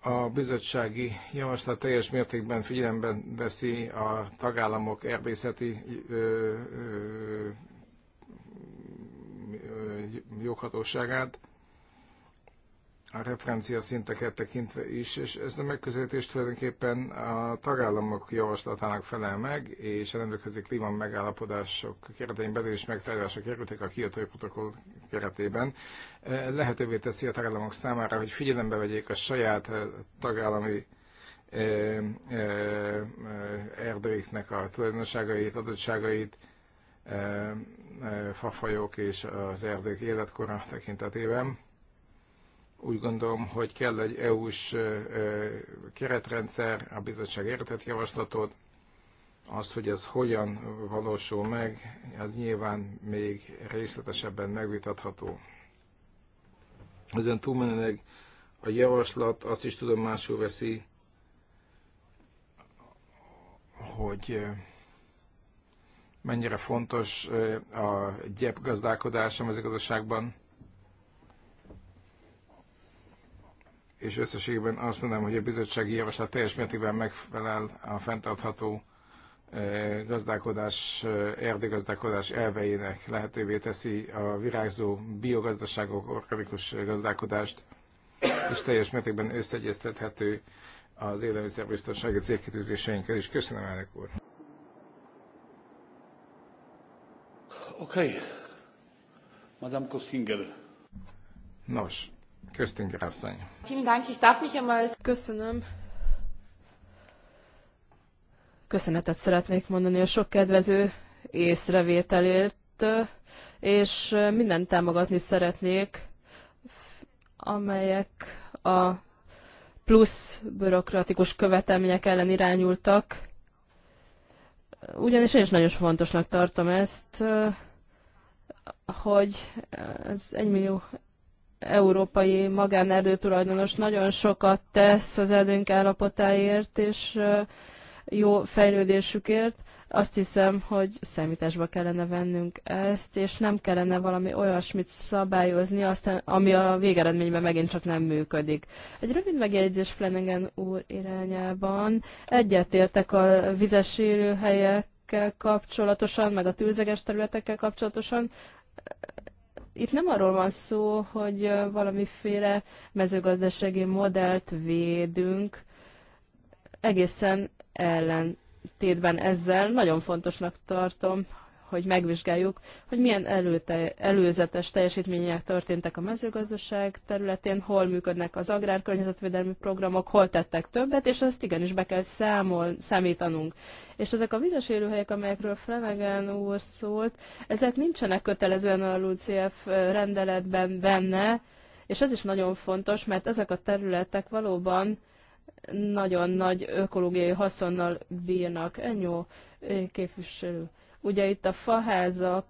A bizottsági javaslat teljes mértékben figyelemben veszi a tagállamok erdészeti joghatóságát, a referencia szinteket tekintve is, és ez a megközelítést tulajdonképpen a tagállamok javaslatának felel meg, és a nemzetközi klíma megállapodások keretein belül is megtárgyalásra kerültek a kiotói protokoll keretében. E, lehetővé teszi a tagállamok számára, hogy figyelembe vegyék a saját e, tagállami e, erdőiknek a tulajdonságait, adottságait, fafajok és az erdők életkora tekintetében úgy gondolom, hogy kell egy EU-s keretrendszer, a bizottság értett javaslatot, az, hogy ez hogyan valósul meg, az nyilván még részletesebben megvitatható. Ezen túlmenőleg a javaslat azt is tudomásul veszi, hogy mennyire fontos a gyep gazdálkodás a mezőgazdaságban. és összességében azt mondanám, hogy a bizottsági javaslat teljes mértékben megfelel a fenntartható eh, gazdálkodás, eh, erdőgazdálkodás elveinek lehetővé teszi a virágzó biogazdaságok organikus gazdálkodást, és teljes mértékben összeegyeztethető az élelmiszerbiztonsági célkitűzéseinkkel is. Köszönöm, elnök úr! Oké, okay. Madame Kostinger. Nos, Köztünk asszony. Köszönöm. Köszönetet szeretnék mondani a sok kedvező észrevételért, és mindent támogatni szeretnék, amelyek a plusz bürokratikus követelmények ellen irányultak. Ugyanis én is nagyon fontosnak tartom ezt, hogy ez 1 millió európai magánerdő tulajdonos nagyon sokat tesz az erdőnk állapotáért és jó fejlődésükért. Azt hiszem, hogy számításba kellene vennünk ezt, és nem kellene valami olyasmit szabályozni, aztán, ami a végeredményben megint csak nem működik. Egy rövid megjegyzés Flanagan úr irányában. Egyetértek a vizes élőhelyekkel kapcsolatosan, meg a tűzeges területekkel kapcsolatosan itt nem arról van szó, hogy valamiféle mezőgazdasági modellt védünk, egészen ellentétben ezzel nagyon fontosnak tartom, hogy megvizsgáljuk, hogy milyen előte, előzetes teljesítmények történtek a mezőgazdaság területén, hol működnek az agrárkörnyezetvédelmi programok, hol tettek többet, és ezt igenis be kell számol, számítanunk. És ezek a vizes élőhelyek, amelyekről Flanagan úr szólt, ezek nincsenek kötelezően a LUCF rendeletben benne, és ez is nagyon fontos, mert ezek a területek valóban nagyon nagy ökológiai haszonnal bírnak. Enyó képviselő. Ugye itt a faházak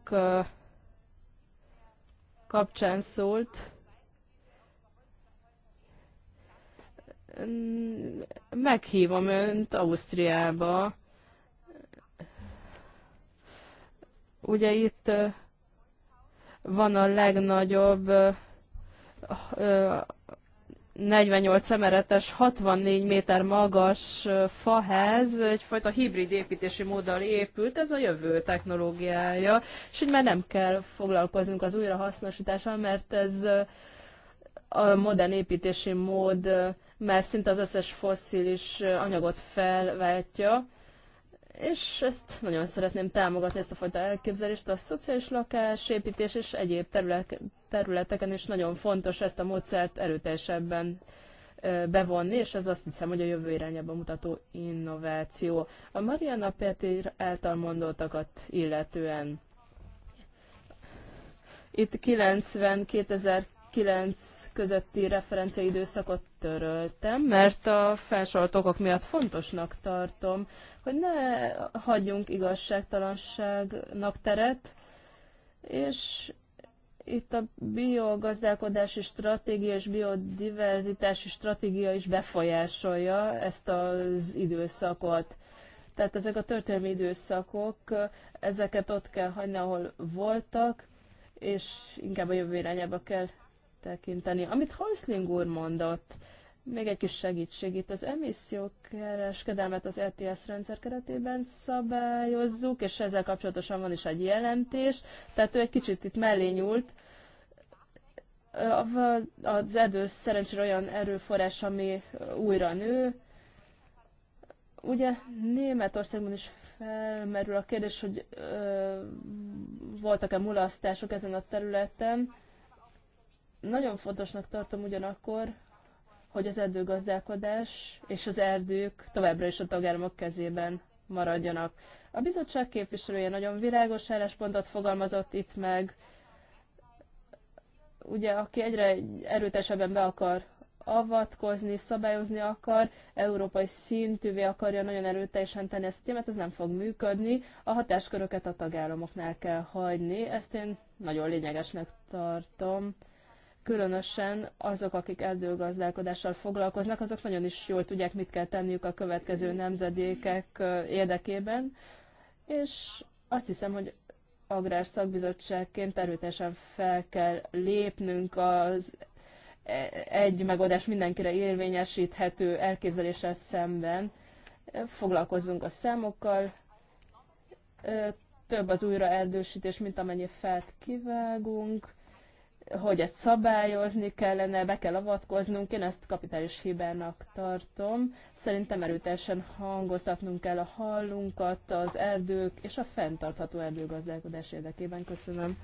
kapcsán szólt. Meghívom önt Ausztriába. Ugye itt van a legnagyobb 48 szemeretes, 64 méter magas faház egyfajta hibrid építési móddal épült, ez a jövő technológiája, és így már nem kell foglalkoznunk az újrahasznosítással, mert ez a modern építési mód mert szinte az összes fosszilis anyagot felváltja, és ezt nagyon szeretném támogatni, ezt a fajta elképzelést, a szociális lakás építés és egyéb területeken is nagyon fontos ezt a módszert erőteljesebben bevonni, és ez azt hiszem, hogy a jövő irányába mutató innováció. A Mariana Petir által mondottakat illetően itt 90 2006-9 közötti időszakot töröltem, mert a felsorolt okok miatt fontosnak tartom, hogy ne hagyjunk igazságtalanságnak teret, és itt a biogazdálkodási stratégia és biodiverzitási stratégia is befolyásolja ezt az időszakot. Tehát ezek a történelmi időszakok, ezeket ott kell hagyni, ahol voltak, és inkább a jövő irányába kell tekinteni. Amit Häusling úr mondott, még egy kis segítség itt. Az emissziókereskedelmet az ETS rendszer keretében szabályozzuk, és ezzel kapcsolatosan van is egy jelentés, tehát ő egy kicsit itt mellé nyúlt. Az erdő szerencsére olyan erőforrás, ami újra nő. Ugye Németországban is felmerül a kérdés, hogy voltak-e mulasztások ezen a területen nagyon fontosnak tartom ugyanakkor, hogy az erdőgazdálkodás és az erdők továbbra is a tagállamok kezében maradjanak. A bizottság képviselője nagyon világos álláspontot fogalmazott itt meg. Ugye, aki egyre erőtesebben be akar avatkozni, szabályozni akar, európai szintűvé akarja nagyon erőteljesen tenni ezt a témát, ez nem fog működni. A hatásköröket a tagállamoknál kell hagyni, ezt én nagyon lényegesnek tartom különösen azok, akik erdőgazdálkodással foglalkoznak, azok nagyon is jól tudják, mit kell tenniük a következő nemzedékek érdekében, és azt hiszem, hogy Agrár Szakbizottságként erőteljesen fel kell lépnünk az e, egy megoldás mindenkire érvényesíthető elképzeléssel szemben. Foglalkozzunk a számokkal, több az újraerdősítés, mint amennyi felt kivágunk, hogy ezt szabályozni kellene, be kell avatkoznunk, én ezt kapitális hibának tartom. Szerintem erőteljesen hangoztatnunk kell a hallunkat, az erdők és a fenntartható erdőgazdálkodás érdekében. Köszönöm.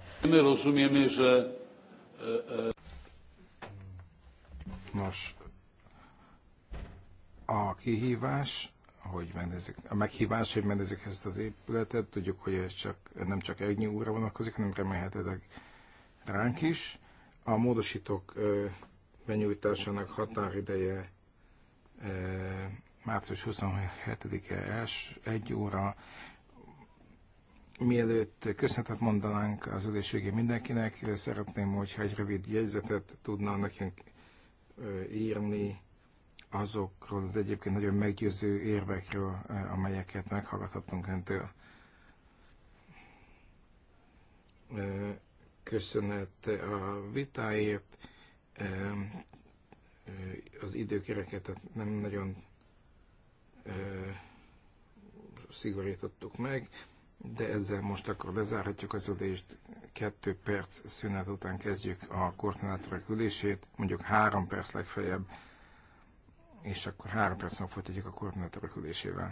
Nos, a kihívás, hogy megnézzük, a meghívás, hogy megnézzük ezt az épületet, tudjuk, hogy ez csak, nem csak egy óra vonatkozik, hanem remélhetőleg ránk is. A módosítók benyújtásának határideje március 27-e egy óra. Mielőtt köszönetet mondanánk az ülés mindenkinek, szeretném, hogyha egy rövid jegyzetet tudna nekünk írni azokról az egyébként nagyon meggyőző érvekről, amelyeket meghallgathattunk öntől Köszönet a vitáért. Az időkereket nem nagyon szigorítottuk meg, de ezzel most akkor lezárhatjuk az ülést. Kettő perc szünet után kezdjük a koordinátorok ülését, mondjuk három perc legfeljebb, és akkor három perc múlva folytatjuk a koordinátorok ülésével.